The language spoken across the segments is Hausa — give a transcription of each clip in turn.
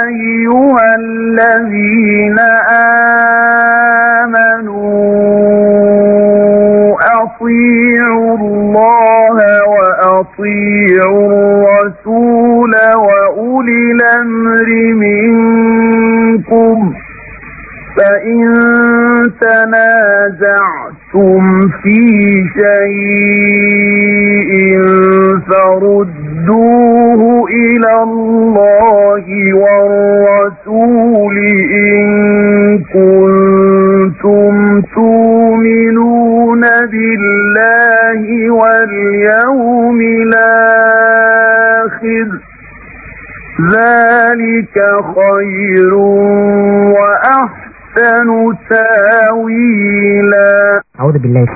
أيها الذي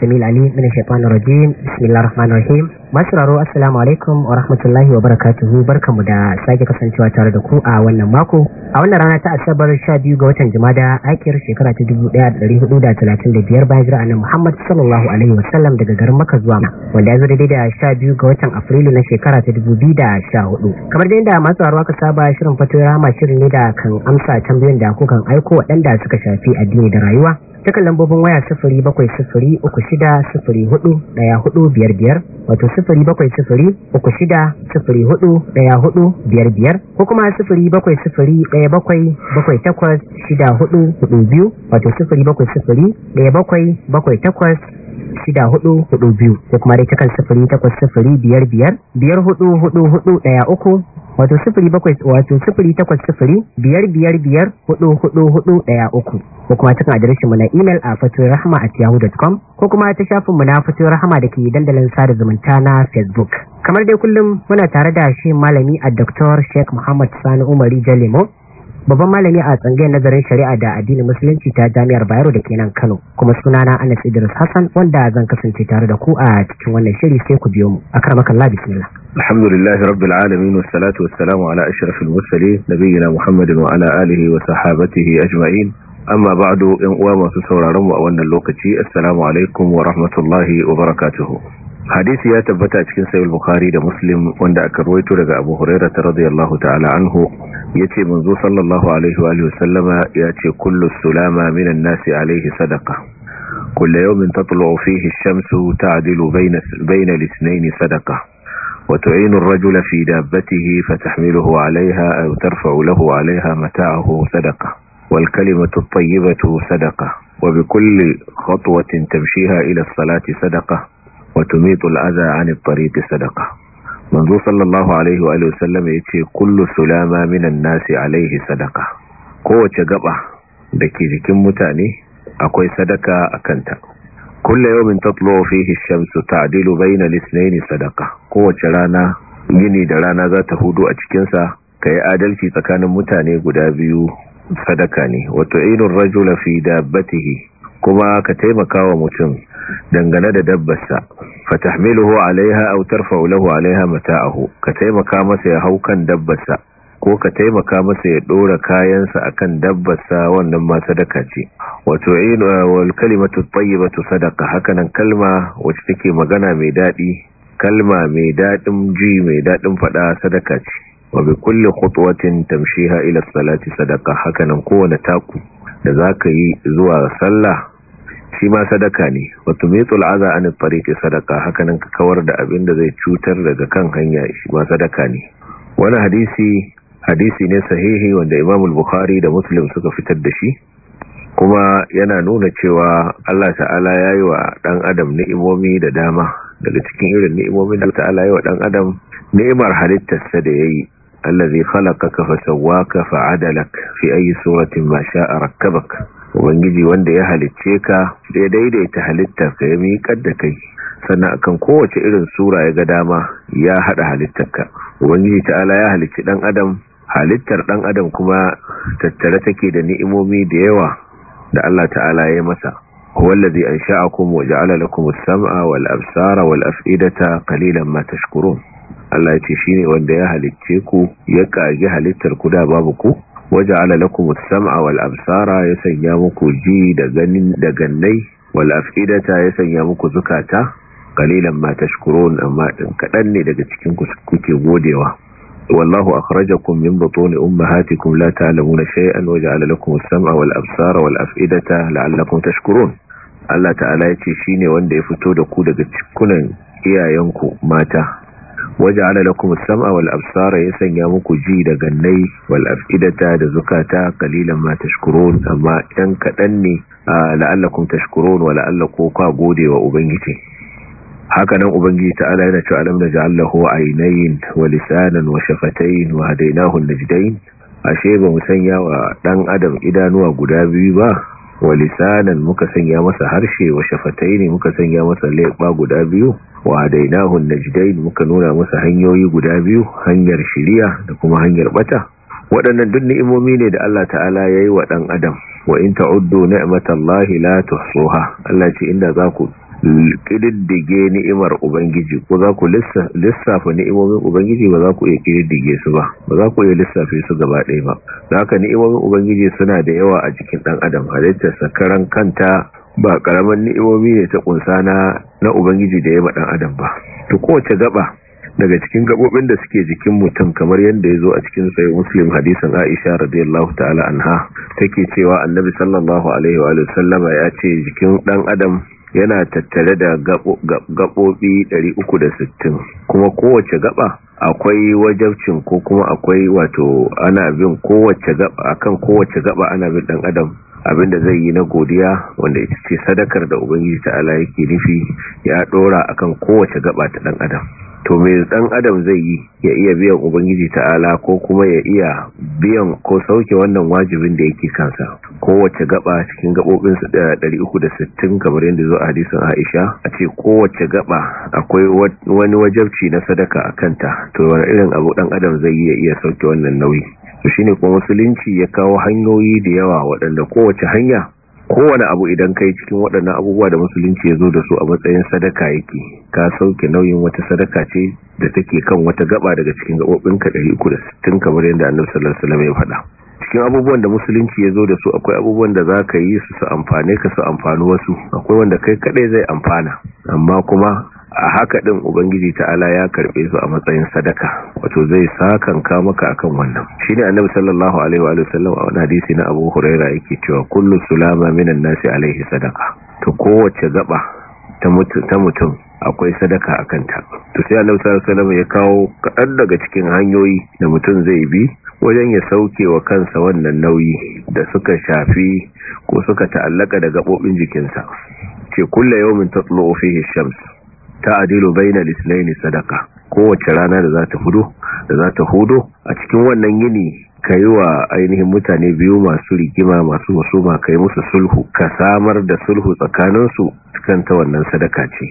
السميع Ali, من الشيطان الرجيم بسم الله الرحمن assalamu alaikum wa rahmatullahi wa barakatuhu barkamu da sake kasancewa tare da ku a wannan mako a wannan rana ta asabar 12 ga watan jumada akiyar shekara ta 1435 bayan jira Muhammad sallallahu alaihi wasallam daga garin Makka zuwa wanda ya zo daidai da 12 ga watan Afrilu na shekara ta 2014 kamar dai inda masu aro ka saba shirin fatoyi rama shirin ne da kan amsa tambayoyin da ku kan aiko waɗanda suka shafi addini da rayuwa Duka lambobin waya sifiri bakwai sifiri uku shida sifiri hudu daya hudu biyar biyar wato sifiri bakwai sifiri uku shida sifiri hudu daya hudu biyar biyar ko kuma sifiri bakwai sifiri daya bakwai bakwai takwas shida hudu hudu biyu wato sifiri bakwai sifiri daya bakwai bakwai takwas shida hudu hudu biyu ko kuma dai takan sifiri takwas sifiri biyar biyar biyar hudu hudu hudu daya uku wato sifiri bakwai wato sifiri takwas sifiri biyar biyar biyar hudu hudu hudu daya uku ko kuma cikin adireshin mu na imel a fatin rahama ko kuma ta shafin mu na fatoyarahama rahama da ke dandalin sada zumunta na facebook kamar dai kullum muna tare da shi malami a dr sheikh muhammad sani umari Jalimo babban malami a tsangayar nazarin shari'a da addinin musulunci ta jami'ar bayero da kenan kano kuma sunana anas idris hassan wanda zan kasance tare da ku a cikin wannan shiri sai ku biyo mu a akramakallah bismillah الحمد لله رب العالمين والصلاة والسلام على أشرف المرسلين نبينا محمد وعلى آله وصحابته أجمعين أما بعد إنقوام في سورة رمو وأن اللوكتي السلام عليكم ورحمة الله وبركاته حديث ياتبتا اتكين سيو البخاري دا مسلم واندا اكرويت رجا ابو هريرة رضي الله تعالى عنه يتي منذ صلى الله عليه وآله وسلم ياتي كل السلامة من الناس عليه صدقة كل يوم تطلع فيه الشمس تعدل بين, بين الاثنين صدقة وتعين الرجل في دابته فتحمله عليها أو ترفع له عليها متاعه صدقة والكلمة الطيبة صدقة وبكل خطوة تمشيها إلى الصلاة صدقة وتميط الأذى عن الطريق صدقة منذ صلى الله عليه وآله وسلم يتي كل سلامة من الناس عليه صدقة قوة جبع لكي جكم متاني أكوي صدقة أكنتك kulle yawmin tatlu fihi su shamsu ta'dilu bayna al sadaka kowace rana gini da rana za ta hudu a cikin sa yi adalci tsakanin mutane guda biyu sadaka ne wato ainur rajula fi dabbatihi kuma ka taimakawa mutum dangane da dabbarsa fatahmiluhu alaiha aw tarfa'u lahu alaiha mata'ahu ka taimaka masa ya hau kan dabbarsa ko ka taimaka masa ya dora kayansa akan dabbarsa wannan ma sadaka ce wato ayin eh, wal kalimatu tayyibatu sadaqa hakanan kalma wacce take magana mai dadi kalma mai dadin ji mai dadin fada sadaka ce wa bi kulli khutwatin tamshiha ila salati sadaqa hakanan kowane taku da zaka yi zuwa sallah shi ma sadaka ne wato mitul aza an tariqi sadaka hakanan ka kawar da abin da zai cutar daga kan hanya shi ma sadaka ne wani hadisi hadisi ne sahihi wanda imam al-bukhari da muslim suka fitar da shi kuma yana nuna cewa Allah ta'ala ya yi wa ɗan adam ni'imomi da dama daga cikin irin ni'imomin da ta'ala ya yi wa ɗan adam ni'imar halittarsa da ya yi allazi khalaqaka fa sawwaka fa adalak fi ayi suratin ma sha'a rakkabak ubangiji wanda ya halicce ka ya daidaita ka ya miƙar da kai sannan akan kowace irin sura ya ga dama ya hada halittarka ubangiji ta'ala ya halicci dan adam halittar dan adam kuma tattare take da ni'imomi da yawa da Allah ta'ala ya masa wallazi ansha'akum wa ja'ala lakum as-sam'a wal absara wal af'idata qalilan ma tashkurun Allah ce shine wanda ya halicce ku ya kage halittar ku da babu ku waje lakum as-sam'a wal absara ya sanya muku ji da ganin da gannai wal af'idata ya sanya muku zukata qalilan ma tashkurun amma kadan ne daga cikin ku kuke godewa wallahu akhrajakum min butuni ummahatikum la ta'lamuna shay'an wa ja'ala lakum as-sam'a wal absara wal af'idata la'allakum tashkurun Allah ta'ala yace shine wanda ya fito da ku daga cikunan iyayenku mata waja'ala lakum as-sam'a wal absara ya sanya muku ji da gannai wal af'idata da zukata qalilan ma tashkurun amma ɗan kaɗan ne la'allakum tashkurun wa la'allakum ka gode wa ubangiji haka nan ubangiji ta'ala yana cewa alam da ja lahu aynayn wa lisanan wa shafatayn wa hadaynahu najdayn ashe ba mu sanya wa dan adam idanuwa guda biyu ba wa lisanan muka sanya masa harshe wa ne muka sanya masa leba guda biyu wa da najdayn muka nuna masa hanyoyi guda biyu hanyar shiriya da kuma hanyar bata waɗannan duk ni'imomi ne da Allah ta'ala ya yi wa ɗan adam wa in ta'uddu ni'matallahi la tuhsuha Allah ce inda za ku ƙididdige ni'imar ubangiji ko za ku lissafa ni'imomin ubangiji ba za ku iya ƙididdige su ba ba za ku iya lissafe su gaba ɗaya ba Za ka ni'imomin ubangiji suna da yawa a jikin ɗan adam halittar sakaran kanta ba ƙaramin ni'imomi ne ta ƙunsa na ubangiji da ya ɗan adam ba to kowace gaba daga cikin gabobin da suke jikin mutum kamar yadda ya zo a cikin sai muslim hadisin aisha radiyallahu ta'ala anha take cewa annabi sallallahu alaihi wa sallama ya ce jikin ɗan adam yana tattare da gaɓoɓi 360 kuma kowace gaɓa akwai wajabcin ko kuma akwai wato ana bin kowace gaɓa akan kowace gaba ana bin ɗan adam abinda zai yi na godiya wanda ita ce sadakar da ubangiji ta'ala yake nufi ya dora akan kowace gaɓa ta ɗan adam to mai dan adam zai yi ya iya biyan ubangiji ta'ala ko kuma ya iya biyan ko sauke wannan wajibin da yake kansa kowace gaba cikin gabobin 360 eh, kamar yadda zo a hadisin Aisha a ce kowace gaba akwai wani wajabci na sadaka a kanta to wani irin abu dan adam zai yi ya iya sauke wannan nauyi to shine kuma musulunci ya kawo hanyoyi da yawa waɗanda kowace hanya kowane abu idan kai cikin waɗannan abubuwa da musulunci ya zo da su a matsayin sadaka yake ka sauke nauyin wata sadaka ce da take kan wata gaba daga cikin gaɓoɓinka 360 kamar yadda annabi salama ya faɗa cikin abubuwan da musulunci ya zo da su akwai abubuwan da za ka yi su su amfane ka su amfani wasu akwai wanda kai kaɗai zai amfana amma kuma a haka ɗin ubangiji ta ta'ala ya karɓe su a matsayin sadaka wato zai sakan ka maka akan wannan Shi ne annabi sallallahu alaihi wa sallam a wani hadisi na abu huraira yake cewa kullu sulama minan nasi alaihi sadaka to kowace gaba ta mutum akwai sadaka a kanta to sai annabi sallallahu ya kawo kaɗan daga cikin hanyoyi da mutum zai bi wajen ya sauke wa kansa wannan nauyi da suka shafi ko suka ta'allaka da gabobin jikinsa ce kullu yawmin tatlu fihi shams ta'dilu bayna al-ithnayn sadaka kowace rana da za ta hudu, da za ta hudu a cikin wannan yini ka yi wa ainihin mutane biyu masu rigima masu ma ka yi musu sulhu ka samar da sulhu tsakaninsu cikin ta wannan sadaka ce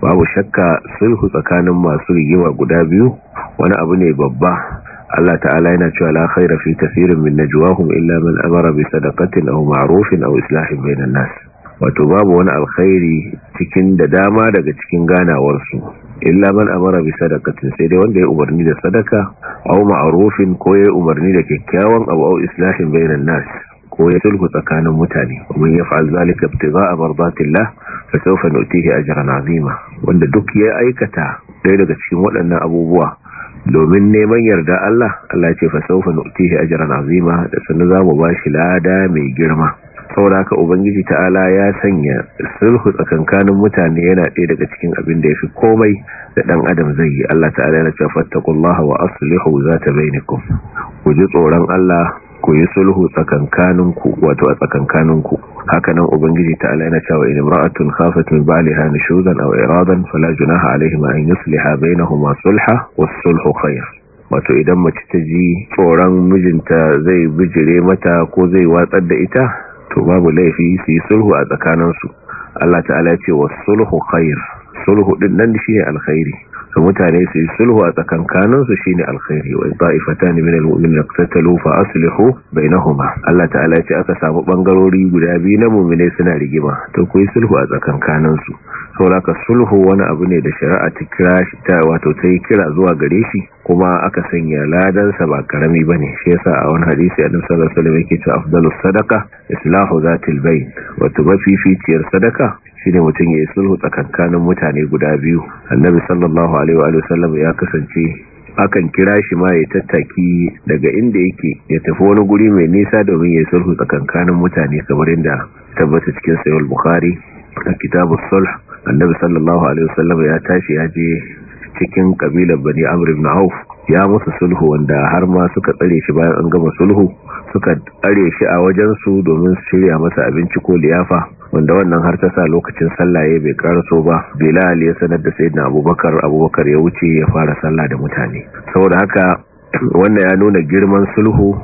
babu shakka sulhu tsakanin masu rigima guda biyu wani abu ne babba Allah ta'ala yana cewa la khaira fi kaseerin min najwahum illa man amara bi sadaqatin aw ma'rufin aw islahin bainan nas wato babu wani alkhairi cikin da dama daga cikin ganawar su illa man amara bi sadaqatin sai dai wanda ya umarni da sadaka aw ma'rufin ko ya umarni da kyakkyawan abu aw islahin bainan nas ko ya sulhu tsakanin mutane kuma ya fa'al zalika مرضات الله fa sawfa nutihi ajran azima wanda duk ya aikata ɗaya daga cikin waɗannan abubuwa domin neman yarda Allah Allah ce fa sawfa nutihi ajran azima da sannu za mu shi lada mai girma saboda ubangiji ta'ala ya sanya sulhu tsakankanin mutane yana ɗaya daga cikin abin da ya fi komai da ɗan adam zai yi Allah ta'ala ya ce fattaqullaha wa aslihu zata bainakum ku ji tsoron Allah ku yi sulhu tsakankaninku wato a tsakankaninku hakanan ubangiji ta ala cewa in imra'atun khafat min baliha nushuzan aw iradan fala junaha alaihima an yusliha bainahuma sulha was sulhu khair wato idan mace ta ji tsoron mijinta zai bijire mata ko zai watsar da ita to babu laifi su yi sulhu a tsakaninsu Allah ta'ala ya ce was sulhu khair sulhu din nan shine alkhairi su mutane su yi sulhu a tsakankanin su shine alkhairi wa ta'ifatan min almu'minin asulihu fa aslihu bainahuma Allah ta'ala ya ce aka samu ɓangarori guda biyu na mu'mine suna rigima to ku yi sulhu a tsakankanin su sauraka sulhu wani abu ne da shari'a ta kira shi ta wato ta yi kira zuwa gare shi kuma aka sanya ladan sa ba karami bane shi yasa a wani hadisi annabi sallallahu alaihi wasallam yake cewa afdalus sadaqa islahu zatil bayn wato mafificiyar sadaka shine mutum ya yi sulhu tsakankanin mutane guda biyu annabi sallallahu alaihi wa sallam ya kasance akan kira shi ma ya tattaki daga inda yake ya tafi wani guri mai nisa domin ya yi sulhu tsakankanin mutane kamar inda tabbata cikin sayar bukhari a kitabu sulh annabi sallallahu alaihi sallam ya tashi ya je cikin kabilar bani amr ibn auf ya musu sulhu wanda har ma suka tsare shi bayan an gama sulhu suka tsare shi a wajen su domin su shirya masa abinci ko liyafa wanda wannan har ta sa lokacin sallah ya bai so ba bilal ya sanar da sayyidina abubakar abubakar ya wuce ya fara sallah da mutane saboda haka wannan ya nuna girman sulhu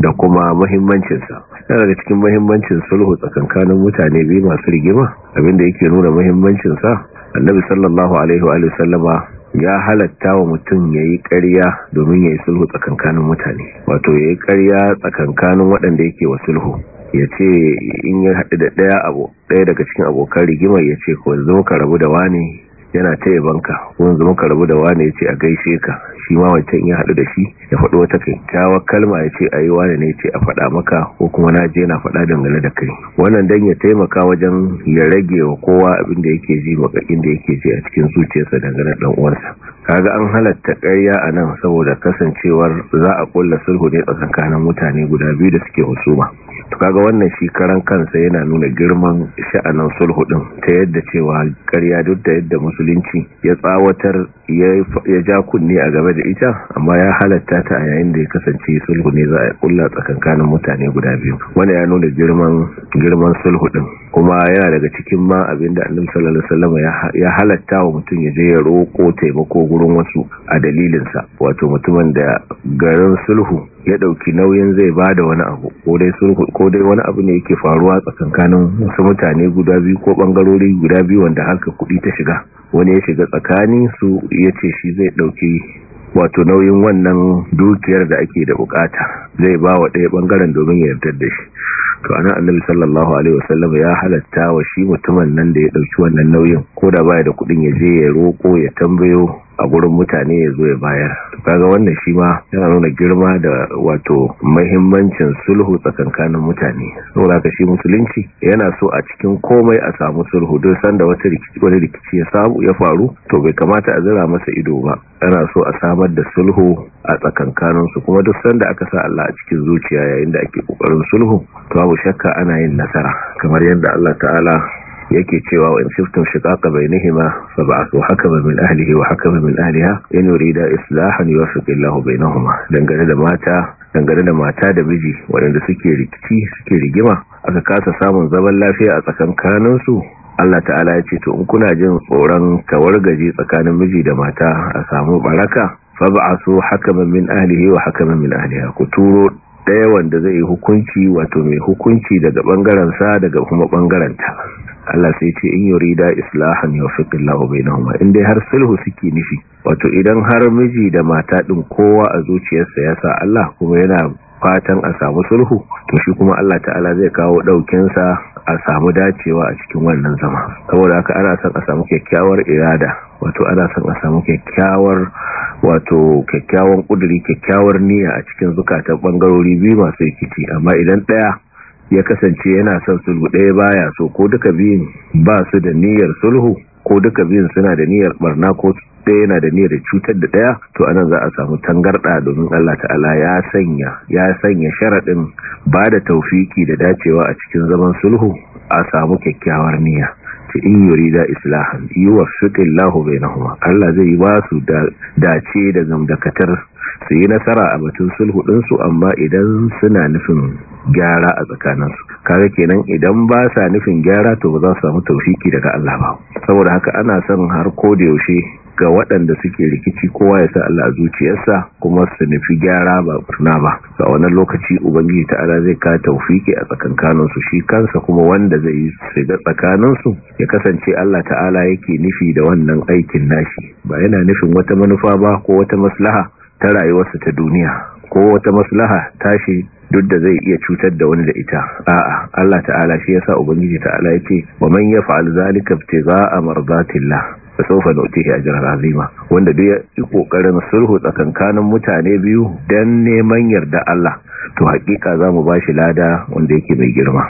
da kuma muhimmancinsa yana da cikin muhimmancin sulhu tsakankanin mutane biyu masu rigima abinda yake nuna muhimmancinsa annabi sallallahu alaihi wa sallama ya halatta wa mutum ya yi ƙarya domin ya yi sulhu tsakankanin mutane wato ya yi ƙarya tsakankanin waɗanda yake wa sulhu ya ce in ya haɗu da ɗaya daga cikin abokan rigimar ya ce ko zama ka rabu da wani yana taya banka wani zama ka rabu da wani ya ce a gaishe ka shi ma wancan ya haɗu da shi ya faɗo wata kyakkyawar kalma ya ce a yi wani ne ce a faɗa maka ko kuma na je na faɗa dangane da kai wannan dan ya taimaka wajen ya rage wa kowa abin da yake ji makakin da yake ji a cikin zuciyarsa dangane da uwansa kaga an halatta ƙarya a nan saboda kasancewar za a ƙulla sulhu ne tsakankanin mutane guda biyu da suke husuma to kaga wannan shi karan kansa yana nuna girman sha'anin sulhu din ta yadda cewa ƙarya duk da yadda musulunci ya tsawatar ya ja kunne a gaba da ita amma ya halatta ta a yayin da ya kasance sulhu ne za a kulla tsakankanin mutane guda biyu wanda ya nuna girman girman sulhu din kuma yana daga cikin ma abinda annabi sallallahu alaihi wasallam ya halatta wa mutum ya je ya roko taimako gurin wasu a dalilinsa wato mutumin da garin sulhu ya dauki nauyin zai ba da wani abu ko dai wani abu ne yake faruwa tsakankanin wasu mutane guda biyu ko bangarori guda biyu wanda harka kuɗi ta shiga wani ya shiga tsakani su ya ce shi zai dauki wato nauyin wannan dukiyar da ake da bukata zai ba wa ɗaya bangaren domin ya yarda da shi to ana annabi sallallahu alaihi wasallam ya halatta wa shi mutumin nan da ya dauki wannan nauyin ko da baya da kuɗin ya je ya roko ya tambayo a gurin mutane ya zo ya bayar kaga wannan shi ma yana nuna girma da wato mahimmancin sulhu tsakankanin mutane saboda ka shi musulunci yana so a cikin komai a samu sulhu don sanda wata rikici wani rikici ya samu ya faru to bai kamata a zira masa ido ba ana so a samar da sulhu a tsakankanin su kuma duk sanda aka sa Allah a cikin zuciya yayin da ake kokarin sulhu to babu shakka ana yin nasara kamar yadda Allah ta'ala yake cewa wa in shiftum shiqaqa bainihima ba'athu hakaman min ahlihi wa hakaman min ahliha in yurida islahan yuwaffiq Allahu bainahuma dangane da mata dangane da mata da miji waɗanda suke rikici suke rigima aka kasa samun zaman lafiya a tsakankanin su Allah ta'ala ya ce to in kuna jin tsoron gaji tsakanin miji da mata a samu baraka Fa ba'athu hakaman min ahlihi wa hakaman min ahliha ku turo daya wanda zai hukunci wato mai hukunci daga bangaren sa daga kuma bangaren ta Allah sai ce in da islahan bai na in dai har sulhu suke nufi wato idan har miji da mata ɗin kowa a zuciyarsa ya sa Allah kuma yana fatan a samu sulhu to shi kuma Allah ta'ala zai kawo daukin a samu dacewa a cikin wannan zama saboda haka ana son a samu kyakkyawar irada wato ana son a samu kyakkyawar wato kyakkyawan kuduri kyakkyawar niyya a cikin zukatan bangarori biyu masu rikici amma idan ɗaya. ya kasance yana son sulhu ɗaya baya so ko duka biyun ba su da niyyar sulhu ko duka biyun suna da niyyar barna ko ɗaya yana da niyyar cutar da ɗaya to anan za a samu tangarɗa domin Allah ta'ala ya sanya ya sanya sharaɗin ba da taufiki da dacewa a cikin zaman sulhu a samu kyakkyawar niyya ce in yurida islahan bai na bainahuma Allah zai ba su dace da zamdakatar su yi nasara a batun sulhu ɗinsu amma idan suna nufin gyara a tsakaninsu kaga kenan idan ba sa nufin gyara to ba za su samu taufiki daga Allah ba saboda haka ana son har ko da yaushe ga waɗanda suke rikici kowa ya sa Allah a zuciyarsa kuma su nufi gyara ba tuna ba a wannan lokaci ubangiji ta'ala zai ka taufiki a tsakankanin su shi kansa kuma wanda zai yi shiga tsakanin su ya kasance Allah ta'ala yake nufi da wannan aikin nashi ba yana nufin wata manufa ba ko wata maslaha ta rayuwarsa ta duniya ko wata maslaha tashi duk da zai iya cutar da wani da ita a'a Allah ta'ala shi yasa ubangiji ta'ala yace wa man yaf'al zalika ibtigha'a mardatillah Da saufa a jirar azima wanda duk ya yi kokarin sulhu tsakankanin mutane biyu dan neman yarda Allah to hakika ba shi lada wanda yake mai girma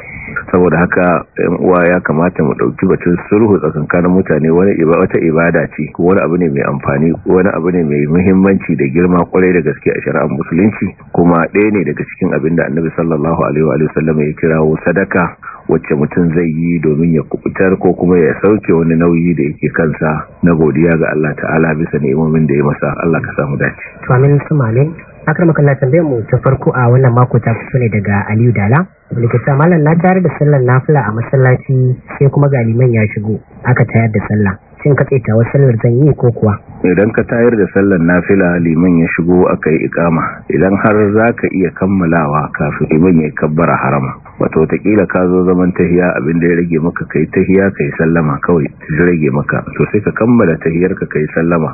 saboda haka 'yan uwa ya kamata mu dauki batun sulhu tsakankanin mutane wani wata ibada ce ko wani abu ne mai amfani wani abu ne mai muhimmanci da girma kwarai da gaske a shari'ar musulunci kuma ɗaya ne daga cikin abin da Annabi sallallahu alaihi wa sallam ya kirawo sadaka wacce mutum zai yi domin ya kubutar ko kuma ya sauke wani nauyi da yake kansa na godiya ga Allah ta'ala bisa ni'imomin da ya masa Allah ka samu dace to amin malin akar makalla tambayar mu ta farko a wannan mako ta fito ne daga Aliyu Dala likita Mallam na tare da sallar nafila a masallaci sai kuma galiman ya shigo aka tayar da sallah shin ka tsaita wa sallar zan yi ko kuwa idan ka tayar da sallar nafila liman ya shigo aka yi ikama idan har za ka iya kammalawa kafin liman ya kabbara harama wato watakila ka zo zaman tahiya abinda ya rage maka kai tahiya kai sallama kawai ya rage maka so sai ka kammala tahiyar ka kai sallama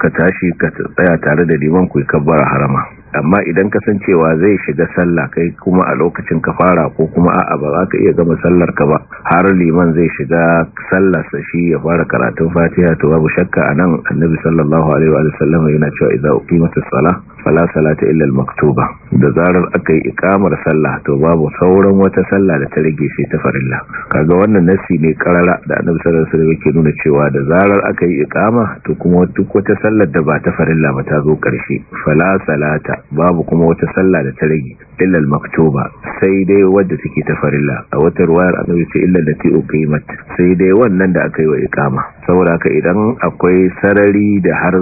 ka tashi ka tsaya tare da liman ku yi kabbara harama amma idan ka san cewa zai shiga sallah kai kuma a lokacin ka fara ko kuma a'a ba za ka iya gama sallar ka ba har liman zai shiga sallar sa shi ya fara karatun fatiha to babu shakka anan annabi sallallahu alaihi wa sallam yana cewa idza uqimatis salah fala salata illa al-maktuba da zarar aka yi ikamar sallah to babu sauran wata sallah da ta rage sai ta farilla kaga wannan nasi ne karara da annabi sallallahu alaihi wasallam yake nuna cewa da zarar aka yi ikama to kuma duk wata sallar da ba ta farilla ba ta zo karshe fala salata babu kuma wata sallah da ta rage illa al-maktuba sai dai wadda take ta farilla a wata ruwayar annabi ce illa lati uqimat sai dai wannan da aka yi wa ikama saboda haka idan akwai sarari da har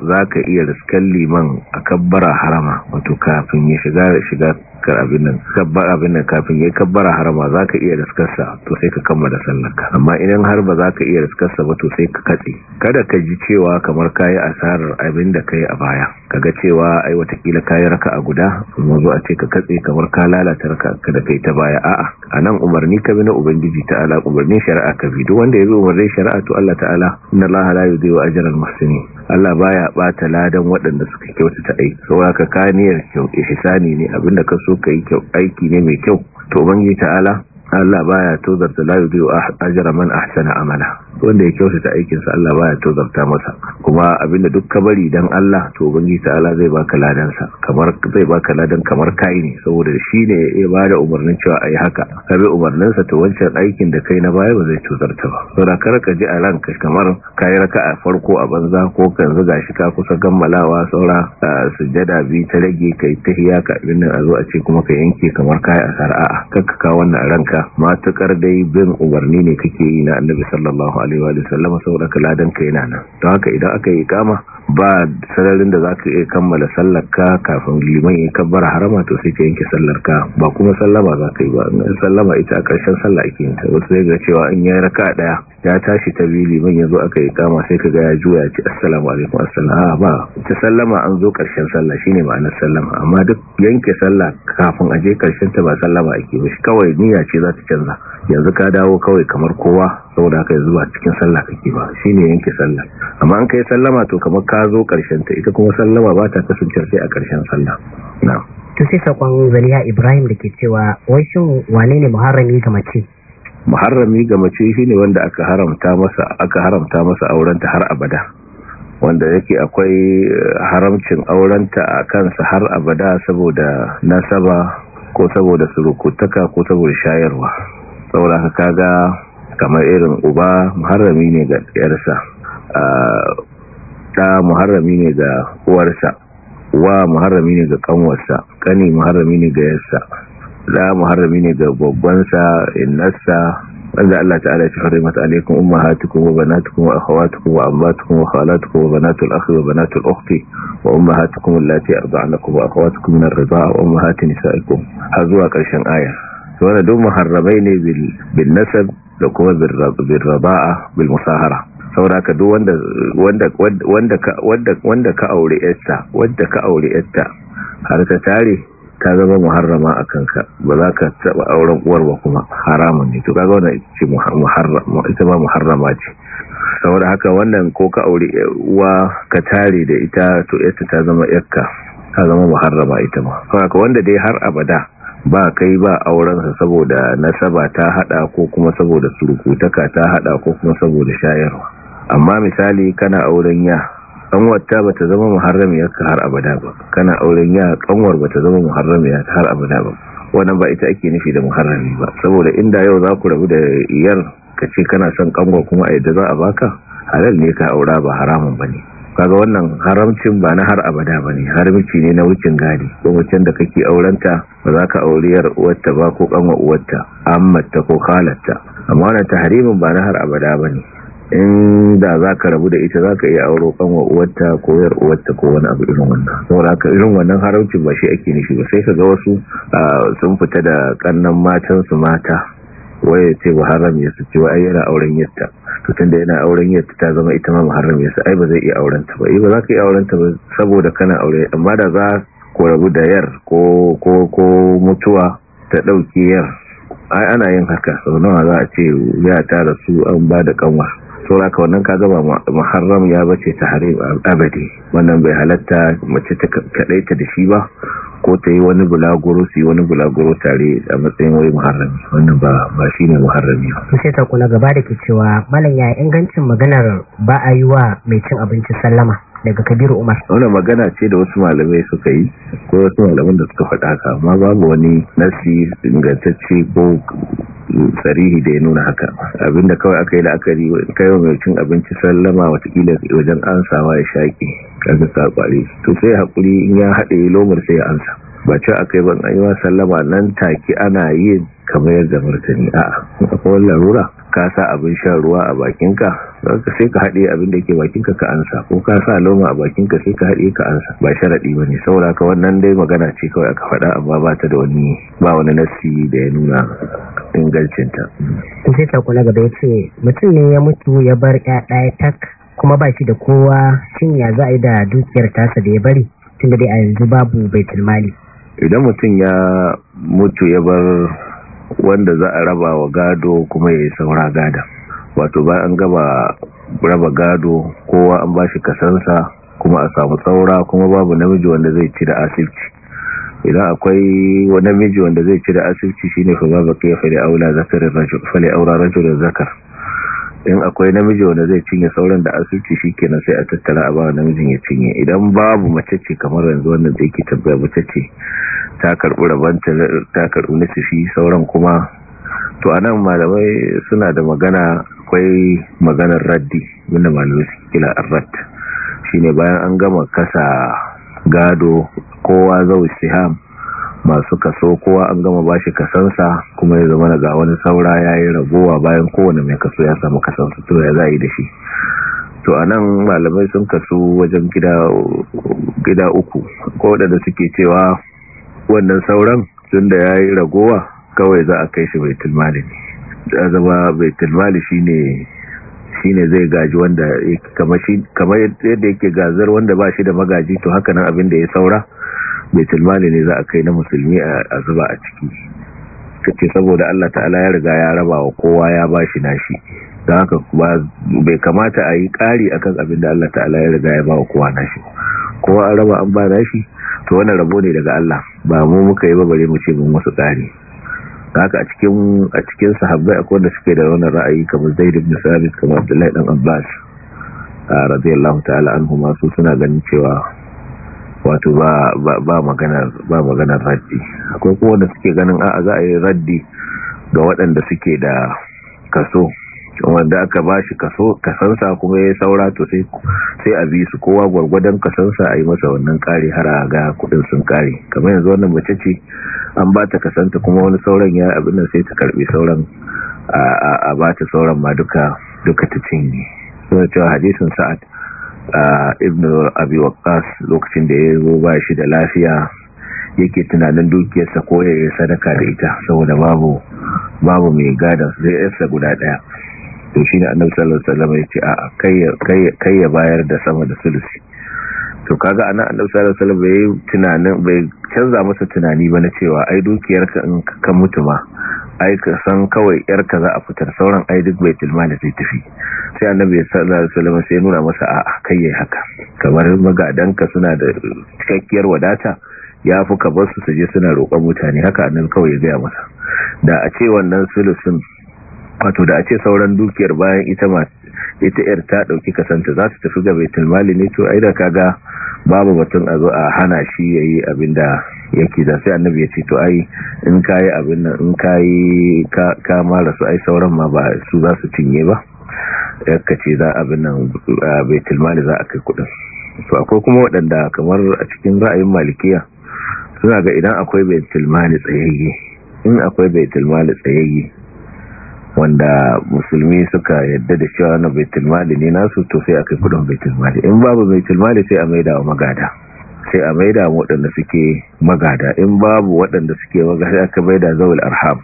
za ka iya riskan liman akan kabbara harama wato kafin ya shiga shiga kar abin nan kafin ya nan kafin yayi kabbara harama ka iya daskarsa, to sai ka kammala sallarka amma idan har ba ka iya daskarsa ba to sai ka katse kada ka ji cewa kamar kayi asarar abin da yi a baya Ka ga cewa ai watakila kayi a guda kuma zo a ce ka katse kamar ka lalata ka da kai ta baya a'a anan umarni ka bi na ubangiji ala, umarnin shari'a ka bi duk wanda ya bi umarnin shari'a to Allah ta'ala inna Allah la wa ajra al-muhsinin Allah baya bata ladan waɗanda suka kyautata aiki saboda ka kaniyar kyau ihsani ne abinda ka so ka yi aiki ne mai kyau to bangi ta'ala Allah baya tozarta la yudiyu ajra man ahsana amala wanda ya kyautata aikinsa Allah baya tozarta masa kuma abinda duk ka bari dan Allah to ubangiji ta'ala zai baka ladan sa kamar zai baka ladan kamar kai ne saboda shi ne ya bada umarnin cewa ayi haka kabe umarnin sa to wancan aikin da kai na baya ba zai tozarta ba saboda kar ka ji a ranka kamar kai a farko a banza ko kan zuga shi ka kusa gammalawa saura sujjada bi ta rage kai tahiya ka abin da a zo a ce kuma ka yanke kamar kai a sar'a kakka ka wannan ranka matukar dai bin umarni ne kake yi na Annabi sallallahu alaihi wa sallama saboda ka ladan ka yana nan don haka idan aka yi kama ba sararin da zaka iya kammala sallar ka kafin liman ya kabbara harama to sai ka yanke sallar ka ba kuma sallama zaka yi ba in sallama ita a karshen sallah ake yin ta wasu zai ga cewa in ya raka daya ya tashi ta biyu liman ya zo aka yi kama sai ka ga ya juya ya ce assalamu alaikum assalamu ba ta sallama an zo karshen sallah shine ma'anar sallama amma duk yanke sallah kafin a je karshen ta ba sallama ake ba shi kawai niyya ce za ta canza yanzu ka dawo kawai kamar kowa saboda haka zuwa cikin sallah kake ba shine yanke sallah amma an kai sallama to kamar ka zo karshen ta ita kuma sallama ba ta kasance sai a karshen sallah na'am to sai sakon zaliya ibrahim dake cewa wai shin wane ne muharrami ga mace muharrami ga mace shine wanda aka haramta masa aka haramta masa aurenta har abada wanda yake akwai eh, haramcin aurenta a kansa har abada saboda nasaba ko saboda surukutaka ko saboda shayarwa saboda kaga kamar irin uba muharrami ne ga yarsa ta muharrami ne ga uwarsa wa muharrami ne ga kanwarsa kani muharrami ne ga yarsa da muharrami ne ga babbansa innarsa wanda Allah ta'ala ya ce harimat alaikum ummahatukum wa banatukum wa akhawatukum wa ammatukum wa khalatukum wa banatul akhi wa banatul ukhti wa ummahatukum allati arda'nakum wa akhawatukum min ar-ridaa'a wa ummahati nisa'ikum har zuwa karshen aya su duk muharramai ne bin nasar da kuma bin raba'a bil musahara saboda ka duk wanda ka aure yarta wanda ka aure har ta tare ta zama muharrama a kanka ba za ka taba auren uwar ba kuma haramun ne to kaga wannan ce muharrama ita ma muharrama ce saboda haka wannan ko ka aure uwa ka tare da ita to yarta ta zama yarka ta zama muharrama ita ma saboda wanda dai har abada ba kai ba aurensa saboda nasaba ta hada ko kuma saboda surukutaka ta hada ko kuma saboda shayarwa amma misali kana auren ya ta bata zama muharramiyar ka har abada ba kana auren ya kanwar bata zama muharramiyar har abada ba wannan ba ita ake nufi da muharrami ba saboda inda yau za ku rabu da iyar ka ce kana son kanwar kuma a yadda za a baka halal ne ka aura ba haramun ba ne kaga wannan haramcin ba na har abada bane haramci ne na wucin gadi ko wucin da kake aurenta ba za ka auriyar uwarta ba ko kanwa uwarta ta ko khalatta amma wannan tahrimin ba na har abada bane in da za ka rabu da ita za ka iya auro kanwa uwarta ko yar uwarta ko wani abu irin wannan saboda irin wannan haramcin ba shi ake nishi ba sai ka ga wasu ah, sun fita da kannan matansu mata waye ce muharram ya ce wa yana auren yatta to tunda yana auren yatta ta zama ita ma muharram ya ai ba zai iya auren ta ba eh ba za ka iya auren ta ba saboda kana aure amma da za ko rabu da yar ko ko ko mutuwa ta dauke yar ai ana yin haka sau nawa za a ce ya tara su an ba da kanwa za ka wannan kaga ba muharram ya bace ta hari abadi wannan bai halatta mace ta kadaita da shi ba ko ta yi wani bulaguro su yi wani bulaguro tare a matsayin wai muharrami wannan ba ba shi ne muharrami ba sai ta kuna gaba da ke cewa malam ya ingancin maganar ba a yi wa mai cin abincin sallama daga kabiru umar wannan magana ce da wasu malamai suka yi ko wasu malamin da suka faɗa haka amma babu wani nasi ingantacce ko tsarihi da ya nuna haka abinda kawai aka yi la'akari kaiwa mai cin abinci sallama watakila wajen ansawa ya shaƙi kaga saƙwari to sai haƙuri in ya haɗe lomar sai ya ansa ba ce a akai ban ayyuwa sallama nan take ana yin kamar yadda martani a'a akwai larura ka sa abin shan ruwa a bakinka sai ka haɗe abin da ke bakinka ka ansa ko ka sa loma a bakinka sai ka haɗe ka ansa ba sharaɗi ba ne saura ka wannan dai magana ce kawai aka faɗa amma ba ta da wani ba wani nasi da ya nuna ingancinta. sai ta kula gaba ya ce mutum ne ya mutu ya bar tak kuma ba shi da kowa shin ya za a yi da dukiyar tasa da ya bari tun da dai a yanzu babu baitulmali idan mutum ya mutu ya bar wanda za a raba wa gado kuma ya yi saura gada wato ba an gaba raba gado kowa an ba shi kasansa kuma a samu saura kuma babu namiji wanda zai ci da asibci idan akwai wani namiji wanda zai ci da asibci shine fa babu kafa da aula fali aura rajul zakar in akwai namiji wanda zai cinye sauran da asirci shi ke nan sai a tattara a bawa namijin ya cinye idan babu macece kamar yanzu wannan da yake tabbaya mace ce ta karɓi rabanta ta karɓi shi sauran kuma to a nan malamai suna da magana akwai maganar raddi wanda malamai su kila shi ne bayan an gama kasa gado kowa zau siham masu kaso kowa an gama bashi kasansa kuma ya zama ga wani saura ya yi ragowa bayan kowane mai kaso ya samu kasansa to ya za da shi to a nan malamai sun kaso wajen gida uku ko waɗanda suke cewa wannan sauran tun da ya yi ragowa kawai za a kai shi tilmali ne da zama mai tilmali shi ne zai gaji wanda kamar yadda yake gazar wanda ba shi da magaji to haka nan abin da ya saura baitul mali ne za a kai na musulmi a zuba a ciki kace saboda Allah ta'ala ya riga ya raba wa kowa ya bashi nashi don haka bai kamata a yi ƙari akan abin da Allah ta'ala ya riga ya ba wa kowa nashi kowa an raba an ba nashi to wannan rabo ne daga Allah ba mu muka yi ba bare mu ce mun wasu ƙari haka a cikin a cikin sahabbai akwai wanda suke da wannan ra'ayi kamar Zaid ibn Sabit kamar Abdullah ibn Abbas ah, radiyallahu ta'ala ma su suna ganin cewa wato ba maganar raddi akwai kowanne suke ganin a za a yi raddi ga waɗanda suke da kaso wanda aka ba shi kasansa kuma ya saura to sai a bi su kowa gwargwadon kasansa a yi masa wannan kare har a ga kudin sun kare kamar yanzu wannan mace ce an ba ta kasanta kuma wani sauran ya abin nan sai ta karbi sauran a ba ta sauran ma duka duka ta cinye suna cewa hadisin sa'ad ibn abi waqas lokacin da ya zo ba shi da lafiya yake tunanin dukiyarsa ko ya sadaka da ita saboda babu babu mai gadon zai yarsa guda daya to shi ne annabi sallallahu alaihi wasallam ya ce a kai ya bayar da sama da sulusi to kaga anan annabi sallallahu alaihi wasallam bai tunanin bai canza masa tunani ba na cewa ai dukiyarka in ka mutu ma ai ka san kawai yarka za a fitar sauran ai duk baitul da zai tafi sai annabi sallallahu alaihi wasallam sai nuna masa a kai yayi haka kamar magadanka suna da cikakkiyar wadata ya fi ka bar su su je suna roƙon mutane haka annabi kawai ya gaya masa da a ce wannan sulusun wato da a ce sauran dukiyar bayan ita ma ita yar ta dauki kasanta za ta tafi ga baitul mali ne to ai da kaga babu batun a zo a hana shi yayi abinda yake da sai annabi ya ce to ai in kai abin nan in kai ka ka mara su ai sauran ma ba su za su cinye ba yakka ce za abin nan baitul mali za a kai kudin to akwai kuma waɗanda kamar a cikin ra'ayin malikiya suna ga idan akwai baitul mali tsayayye in akwai baitul mali tsayayye wanda musulmi suka yadda da cewa na baitul mali ne nasu to sai a kai kudin baitul mali in babu baitul mali sai a maida wa magada sai a maida waɗanda suke magada in babu waɗanda suke magada aka maida zawul arham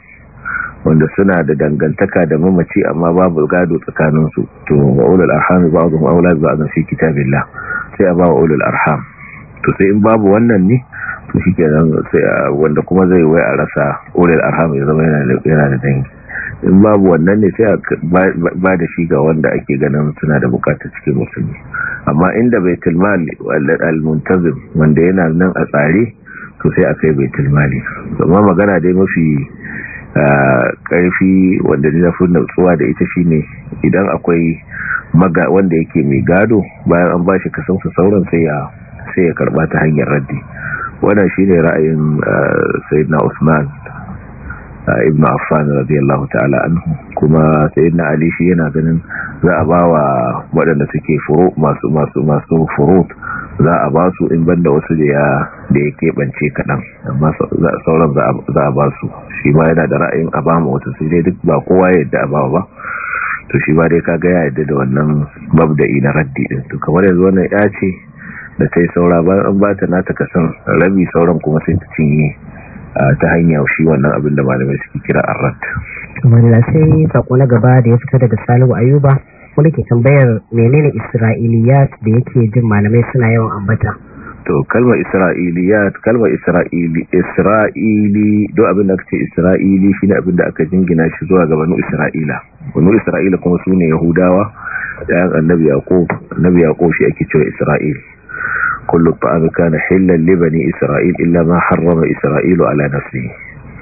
wanda suna da dangantaka da mamaci amma babu gado tsakaninsu to wa ulul arham ba'dhum ba a fi kitabillah sai a ba wa arham to sai in babu wannan ne to shikenan sai wanda kuma zai wai a rasa ulul arham ya zama yana da dangi in babu wannan ne sai ba da shi ga wanda ake ganin suna da bukata cikin musulmi amma inda baitul mali al-muntazim wanda yana nan a tsare to sai a kai baitul mali amma magana dai mafi ƙarfi wanda na nautsuwa da ita shine idan akwai maga wanda yake mai gado bayan an bashi kasan sa sauran sai ya sai ya karba ta hanyar raddi shi shine ra'ayin na Usman ibn Affan radiyallahu ta'ala anhu kuma sayyidina Ali shi yana ganin za a bawa waɗanda suke furu masu masu masu furu za a ba su in banda wasu da ya da ya bance kadan amma sauran za a ba su shi ma yana da ra'ayin a ba mu wasu sai dai duk ba kowa ya yadda a ba ba to shi ba dai ka ya yadda da wannan mabda'i na raddi din to kamar yanzu wannan ya ce da kai saura ba an bata nata kasan rabi sauran kuma sai ta cinye ta hanya shi wannan abin da malamai suke kira arrat kamar sai sako na gaba da ya fito daga salihu ayuba wani ke tambayar menene isra'iliyat da yake jin malamai suna yawan ambata to kalmar isra'iliyat kalmar isra'ili isra'ili don abin da kace isra'ili shi ne abin da aka jingina shi zuwa ga banu isra'ila banu isra'ila kuma sune yahudawa da annabi yaqub annabi yaqub shi ake cewa isra'ili kullu ba'd kana hillan li bani isra'il illa ma harrama isra'ilu ala nafsihi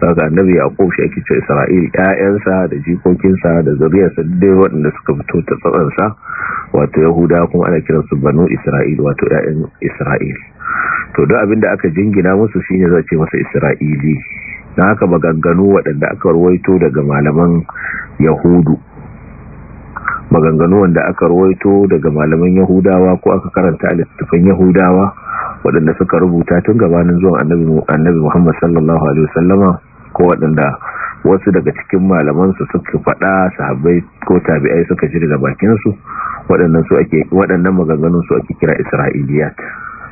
saka annabi yaqub shi ake ce isra'il ƴaƴansa da jikokin sa da zuriyarsa dai waɗanda suka fito ta sa wato yahuda kuma ana su banu isra'il wato ƴaƴan isra'il to duk abinda aka jingina musu shine za ce masa isra'ili dan haka maganganu waɗanda aka ruwaito daga malaman yahudu maganganu wanda aka rawaito daga malaman yahudawa ko aka karanta a littattafan yahudawa waɗanda suka rubuta tun gabanin zuwan annabi muhammad sallallahu alaihi wasallama ko waɗanda wasu daga cikin malamansu suka faɗa sahabbai ko tabi'ai suka ji daga bakinsu waɗannan maganganun su ake kira isra'iliyat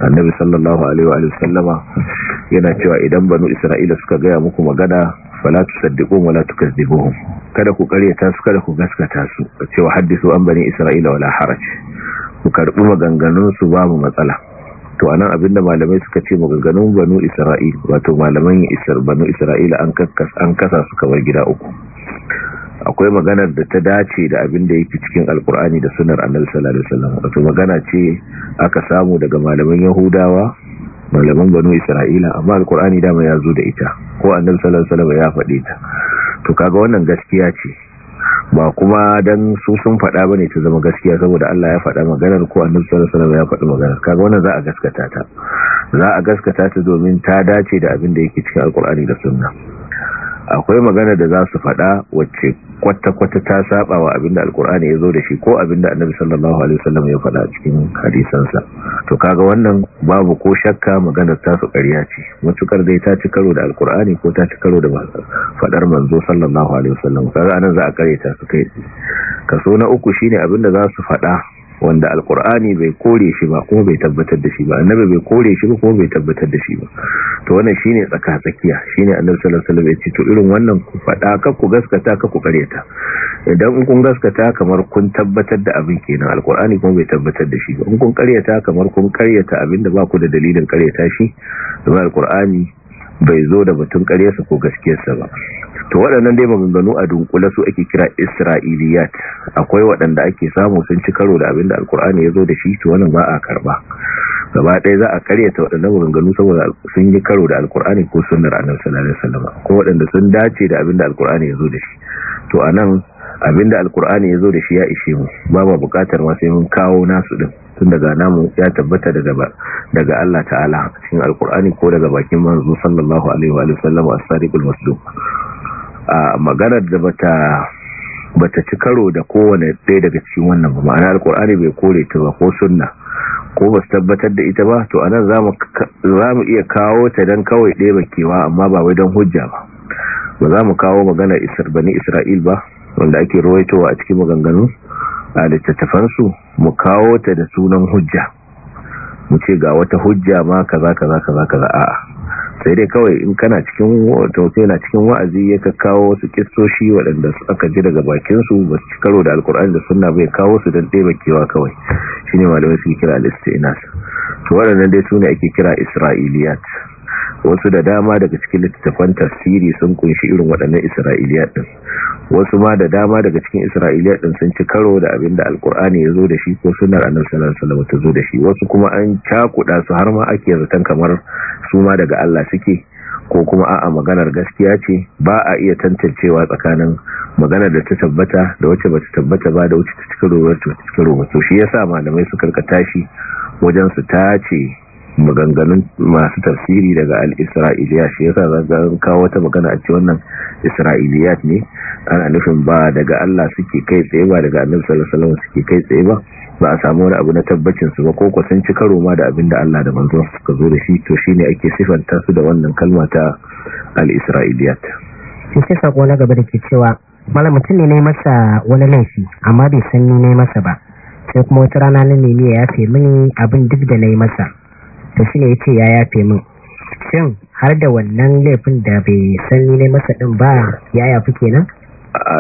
annabi sallallahu alaihi wasallama yana cewa idan banu isra'ila suka gaya muku magana fala tusaddiqun wala tukazzibuhum kada ku karyata su kada ku gaskata su cewa haddisu an bani isra'ila wala haraj ku karɓi maganganun su babu matsala to anan abinda malamai suka ce maganganun banu isra'ila wato malaman isar banu isra'ila an kakkas an kasa su kamar gida uku akwai maganar da ta dace da abin da yake cikin alkur'ani da sunar annabi sallallahu alaihi wasallam wato magana ce aka samu daga malaman yahudawa malaman banu isra'ila amma alkur'ani dama ya zo da ita ko annabi sallallahu alaihi wasallam ya faɗe ta to kaga wannan gaskiya ce ba kuma dan su sun faɗa bane ta zama gaskiya saboda Allah ya faɗa maganar ko annabi sallallahu alaihi wasallam ya faɗi maganar kaga wannan za a gaskata ta za a gaskata ta domin ta dace da abin da yake cikin alkur'ani da sunna akwai magana da za su faɗa wacce kwata-kwata ta saba wa abinda alkur'ani ya zo da shi ko abinda annabi sallallahu alaihi wasallam ya faɗa cikin hadisansa to kaga wannan babu ko shakka magana ta su ƙarya ce mutukar dai ta ci karo da alkur'ani ko ta ci karo da faɗar manzo sallallahu alaihi wasallam kaga anan za a kare ta su kai kaso na uku shine da za su faɗa wanda alkur'ani bai kore shi ba kuma bai tabbatar da shi ba annabi bai kore shi ba kuma bai tabbatar da shi ba to wannan shine tsaka tsakiya shine annabi sallallahu alaihi wasallam ya ce to irin wannan ku fada ka ku gaskata ka ku kareta idan kun gaskata kamar kun tabbatar da abin kenan alkur'ani kuma bai tabbatar da shi ba in kun karyata kamar kun karyata abin da ba ku da dalilin karyata shi da alkur'ani bai zo da batun karyarsa ko gaskiyarsa ba to waɗannan dai maganganu a dunkule su ake kira isra'iliyat akwai waɗanda ake samu sun ci karo da abinda alkur'ani ya zo da shi to wannan ba a karba gaba ɗaya za a karyata waɗannan maganganu saboda sun yi karo da alkur'ani ko sunnar annabi sallallahu alaihi wasallam ko waɗanda sun dace da abinda alkur'ani ya zo da shi to anan abinda alkur'ani ya zo da shi ya ishe mu ba ba bukatar ma sai mun kawo nasu din tun daga namu ya tabbata daga daga Allah ta'ala cikin alkur'ani ko daga bakin manzo sallallahu alaihi wa sallam as-sadiqul a maganar da bata bata ci karo da kowane ɗaya daga cikin wannan ba ma'ana alkur'ani bai kore ta ba ko sunna ko ba su tabbatar da ita ba to anan za mu iya kawo ta don kawai ɗaya ba kewa amma ba wai don hujja ba ba za mu kawo maganar bani isra'il ba wanda ake rawaitowa a cikin maganganu a littattafansu mu kawo ta da sunan hujja mu ce ga wata hujja ma kaza kaza kaza kaza a'a sai dai kawai in kana cikin wato na cikin wa'azi ya kawo wasu kistoshi waɗanda aka ji daga bakin su ba su karo da alkur'ani da sunna bai kawo su don ɗeba kewa kawai shine malamai suke kira al to waɗannan dai su ne ake kira isra'iliyat wasu da dama daga cikin littattafan tasiri sun kunshi irin waɗannan isra'iliya ɗin wasu ma da dama daga cikin isra'iliya ɗin sun ci karo da abin da alkur'ani ya zo da shi ko sunar annan salama ta zo da shi wasu kuma an cakuɗa su har ma ake zaton kamar su ma daga allah suke ko kuma a'a maganar gaskiya ce ba a iya tantancewa tsakanin maganar da ta tabbata da wacce ba ta tabbata ba da wacce ta cikin rubutu shi yasa malamai su karkata shi wajen su tace maganganun masu tafsiri daga al-isra'iliya shi yasa zan kawo wata magana a ce wannan isra'iliyat ne ana nufin ba daga Allah suke kai tsaye ba daga annabi sallallahu alaihi wasallam suke kai tsaye ba ba a samu wani abu na tabbacin su ba ko ko sun ci karo ma da abinda Allah da manzon suka zo da shi to shine ake sifanta su da wannan kalma ta al-isra'iliyat sai sako na gaba da ke cewa malam mutum ne ne masa wani laifi amma bai san ni ne masa ba sai kuma wata rana na nemi ya yafe mini abin duk da na yi masa to shi yace ya yafe min shin har da wannan laifin da bai san ne masa ɗin ba ya yafi kenan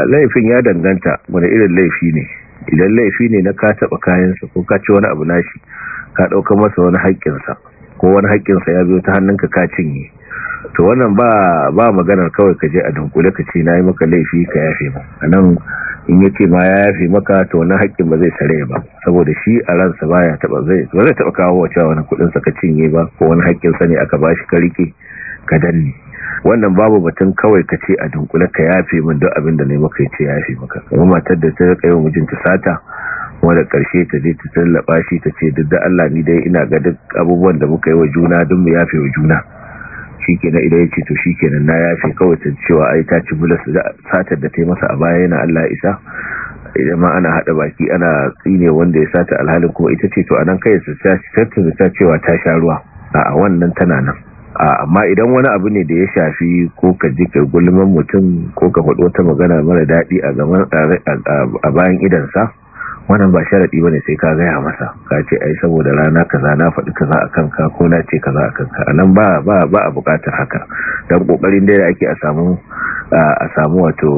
laifin ya danganta wani irin laifi ne idan laifi ne na ka taɓa kayansa ko ka ci wani abu nashi ka ɗauka masa wani haƙƙinsa ko wani haƙƙinsa ya biyo ta hannunka ka cinye to wannan ba ba maganar kawai ka je a dunkule ka ce yi maka laifi ka yafe mu anan in ya ce ma ya yafe maka to na haƙƙin ba zai sare ba saboda shi a ransa ya taba zai ba zai taba kawo wacewa wani kudin sa ka cinye ba ko wani haƙƙin sani ne aka bashi ka rike ka danne wannan babu batun kawai ka ce a dunkule ka yafe min duk abin da ne maka ce yafe maka kuma matar da ta rika yau ta sata wanda karshe ta je ta tallaba shi ta ce duk da Allah ni dai ina ga duk abubuwan da muka yi wa juna duk mu yafe wa juna Shi ke na idan ce to shi nan na yafe kawai cewa ai ta ci bulas da satar da ta yi masa a baya yana Allah isa idan ma ana haɗa baki ana tsine wanda ya sata alhalin kuma ita ce to a nan kai su ta ta cewa ta sha ruwa a wannan tana nan amma idan wani abu ne da ya shafi ko ka ji ka gulman mutum ko ka faɗo ta magana mara daɗi a bayan idansa wannan ba sharadi bane sai ka gaya masa ka ce ai saboda rana kaza na faɗi kaza akan ka ko na ce kaza akan ka nan ba ba ba a buƙatar haka dan kokarin da ake a samu a samu wato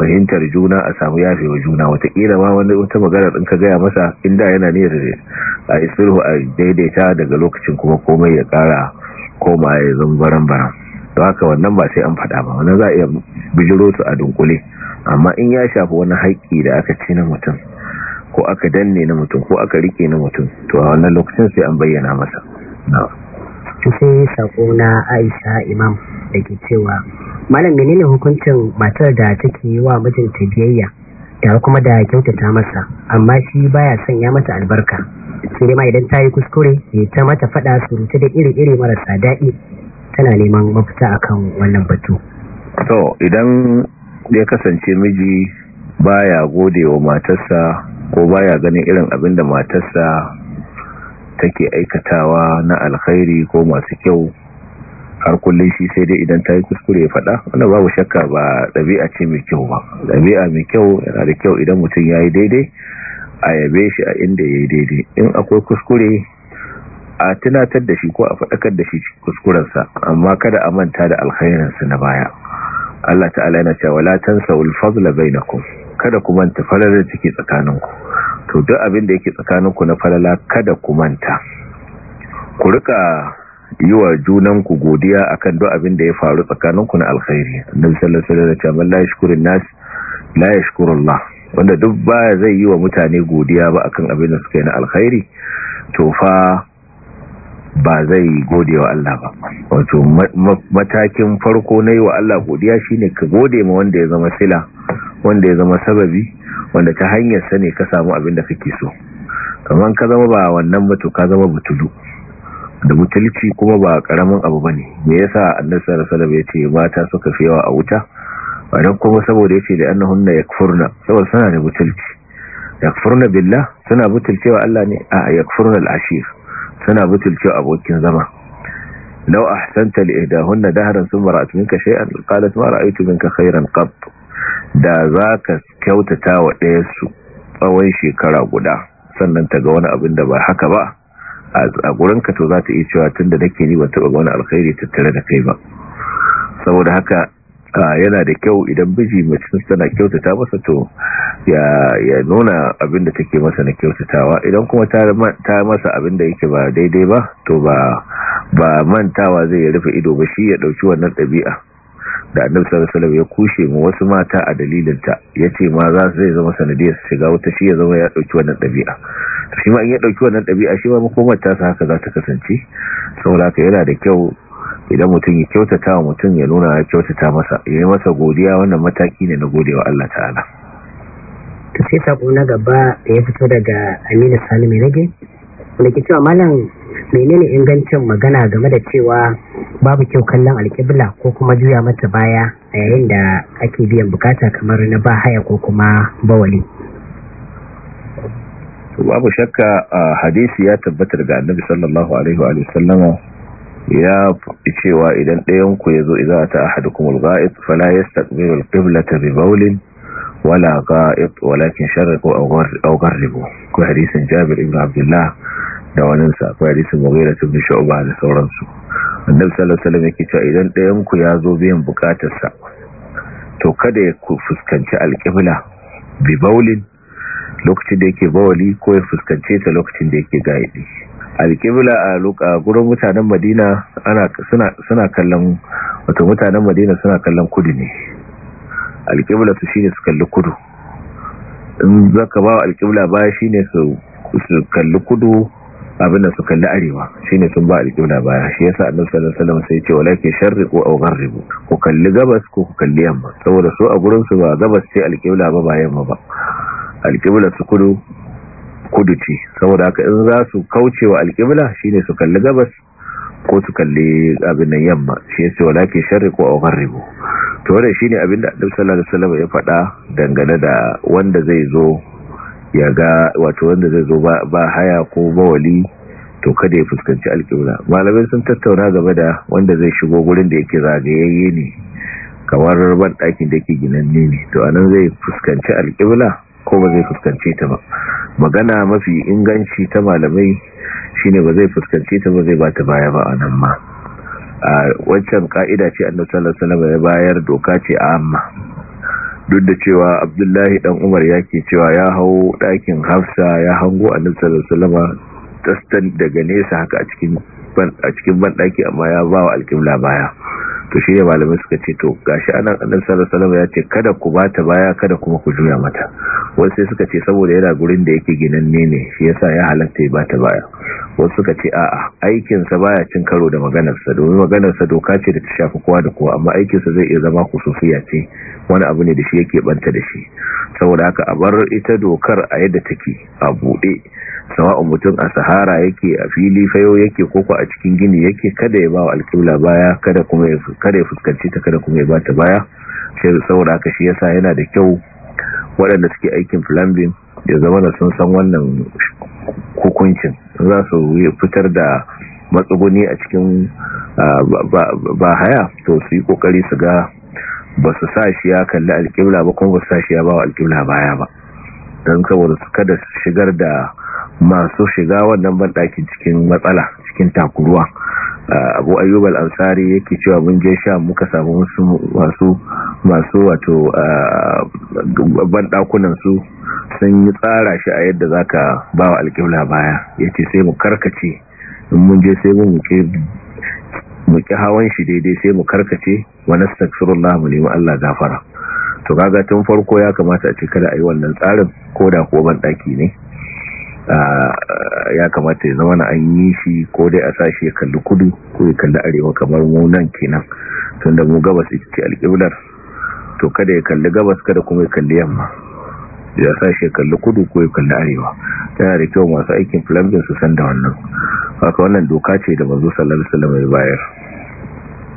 fahimtar juna a samu yafewa juna watakila ma wani wata magana din ka gaya masa inda yana da a isirhu a daidaita daga lokacin kuma komai ya kara koma ya zama bara to haka wannan ba sai an faɗa ba wannan za a iya bijiro su a dunkule amma in ya shafi wani haƙƙi da aka ci na mutum ko aka danne na mutum ko aka rike na mutum to a wannan lokacin sai an bayyana masa sai sako na aisha imam da ke cewa malam menene hukuncin matar da take yi wa mijinta biyayya da kuma da kyautata masa amma shi baya sanya mata albarka sai dai ma idan ta yi kuskure ya ta mata fada surutu da iri-iri marasa daɗi tana neman mafita akan wannan batu to idan ya kasance miji baya gode wa matarsa ko baya ganin irin abin da matarsa take aikatawa na alkhairi ko masu kyau har kullum shi sai dai idan ta yi kuskure ya faɗa wanda babu shakka ba ɗabi'a ce mai kyau ba ɗabi'a mai kyau yana da kyau idan mutum ya yi daidai a yabe shi a inda ya yi daidai in akwai kuskure a tunatar da shi ko a faɗakar da shi kuskurensa amma kada a manta da alkhairinsa na baya Allah ta'ala yana cewa la tansawul fadla bainakum kada ku manta falala da tsakanin ku to duk abin da yake tsakanin ku na falala kada ku manta ku rika yi wa ku godiya akan duk abin da ya faru tsakaninku na alkhairi annabi sallallahu alaihi wasallam la yashkurun nas la yashkurullah wanda duk baya zai yi wa mutane godiya ba akan abin da suka yi na alkhairi to fa ba zai gode wa Allah ba wato matakin farko na yi wa Allah godiya shine ka gode ma wanda ya zama sila wanda ya zama sababi wanda ta hanyar sa ne ka samu abin da kake so kamar ka zama ba wannan mutu ka zama butulu da butulci kuma ba karamin abu bane me yasa annabi sallallahu alaihi ya ce mata suka fi yawa a wuta ba kuma saboda yace da annahunna yakfurna saboda suna da butulci yakfurna billah suna butulcewa Allah ne a yakfurna al-ashir suna butulcewa abokin zama law ahsanta li ihdahunna dahran thumma ra'at minka shay'an qalat ma ra'aytu ka khayran qatt da za ka kyautata wa ɗaya su tsawon shekara guda sannan ta ga wani abin da ba haka ba a gurin ka to za ta iya cewa tun da nake ni ba taɓa wani alkhairi tattare da kai ba saboda haka yana da kyau idan biji macin tana kyautata masa to ya nuna abin da take masa na kyautatawa idan kuma ta masa abin da yake ba daidai ba to ba mantawa zai rufe ido ba shi ya dauki wannan ɗabi'a da annabi sallallahu alaihi wasallam ya kushe mu wasu mata a dalilin ta yace ma za su zai zama sanadiyar shiga wata shi ya zama ya dauki wannan dabi'a shi ma in ya dauki wannan dabi'a shi ma makomar ta sa haka za ta kasance saboda ka yana da kyau idan mutum ya kyautata wa mutum ya nuna ya kyautata masa ya yi masa godiya wannan mataki ne na godewa Allah ta'ala ta ce sako na gaba da ya fito daga Aminu Salimu Rage da ke cewa malam menene ingancin magana game da cewa babu kyau kallon alkibla ko kuma juya mata baya a yayin da ake biyan bukata kamar na ba haya ko kuma bawali babu shakka a hadisi ya tabbatar ga annabi sallallahu alaihi wa sallama ya fi cewa idan ɗayan ku ya zo iza ta ahadukum kuma ghaib fala yastaqbilu al ta bi bawlin wala ga'id walakin ko aw ribu ko hadisin Jabir ibn Abdullah da wannan safari hadisin su ibn shauba da sauransu annabi sallallahu alaihi wasallam yake cewa idan ɗayan ku ya zo biyan bukatarsa to kada ya fuskanci alqibla bi baulin lokacin da yake bawali ko ya fuskance ta lokacin da yake gaidi alqibla a luka gurin mutanen madina suna kallon wato mutanen madina suna kallon kudu ne alqibla to shine su kalli kudu in zaka ba alqibla baya shine su su kalli kudu Abinda da su kalli arewa shine sun ba alƙibla baya shi yasa annabi sallallahu alaihi wasallam sai ya ce sharri ko aw ribu? ku kalli gabas ko ku kalli yamma saboda su a gurin ba gabas ce alkibla ba bayan yamma ba alƙibla su kudu kudu ce saboda haka in za su kauce wa alƙibla shine su kalli gabas ko su kalli abin nan yamma shi yace sharri ko aw ribu to wannan shine abin da annan sallallahu ya faɗa dangane da wanda zai zo ya ga wato wanda zai zo ba haya ko bawali to kada ya fuskanci alƙibla malamai sun tattauna game da wanda zai shigo gurin da yake zagayayye ne kamar ban ɗakin da yake ginanne ne to anan zai fuskanci alƙibla ko ba zai fuskance ta ba magana mafi inganci ta malamai shine ba zai fuskance ta ba zai ba ta baya ba anan ma a wancan ka'ida ce annabi sallallahu alaihi ya bayar doka ce a amma duk da cewa abdullahi dan umar ya ke cewa ya hau ɗakin hafsa ya hango annabi sallallahu salama tastan daga nesa haka a cikin ban banɗaki amma ya ba wa alƙibla baya to shi ne malamai suka ce to gashi anan annabi sallallahu alaihi wasallam ya ce kada ku bata baya kada kuma ku juya mata wasu suka ce saboda yana gurin da yake ginanne ne shi yasa ya halatta ya bata baya wasu suka ce a'a aikin sa baya cin karo da maganar sa domin maganar sa doka ce da ta shafi kowa da kowa amma aikin sa zai iya zama kusufiya ce wani abu ne da shi yake banta da shi saboda haka a bar ita dokar a yadda take a bude sawa'un mutum a sahara yake a fili fayo yake koko a cikin gini yake kada ya ba wa alƙibla baya kada kuma ya kada ya fuskanci ta kada kuma ya bata baya sai saboda haka shi yasa yana da kyau waɗanda suke aikin plumbing ya zama da sun san wannan hukuncin za su fitar da matsuguni a cikin ba haya to su yi kokari su ga ba su sa shi ya kalli alƙibla ba kuma ba su sa shi ya ba wa alƙibla baya ba don saboda su kada shigar da masu shiga wannan banɗaki cikin matsala cikin takuruwa abu ayyub al-ansari yake cewa mun je sha muka samu wasu masu masu wato banɗakunan su sun yi tsara shi a yadda zaka ba wa alƙibla baya yace sai mu karkace in mun je sai mu muke hawan shi daidai sai mu karkace wa nastaghfirullah mu nemi Allah gafara to kaga tun farko ya kamata a ce kada a yi wannan tsarin ko da ko banɗaki ne ya kamata ya zama na an yi shi ko dai a sashi ya kalli kudu ko ya kalli arewa kamar mu nan kenan tun da mu gabas ita ce alƙiblar to kada ya kalli gabas kada kuma ya kalli yamma ya sashi ya kalli kudu ko ya kalli arewa yana da kyau masu aikin plumbing su san da wannan haka wannan doka ce da manzo sallallahu alaihi wasallam ya bayar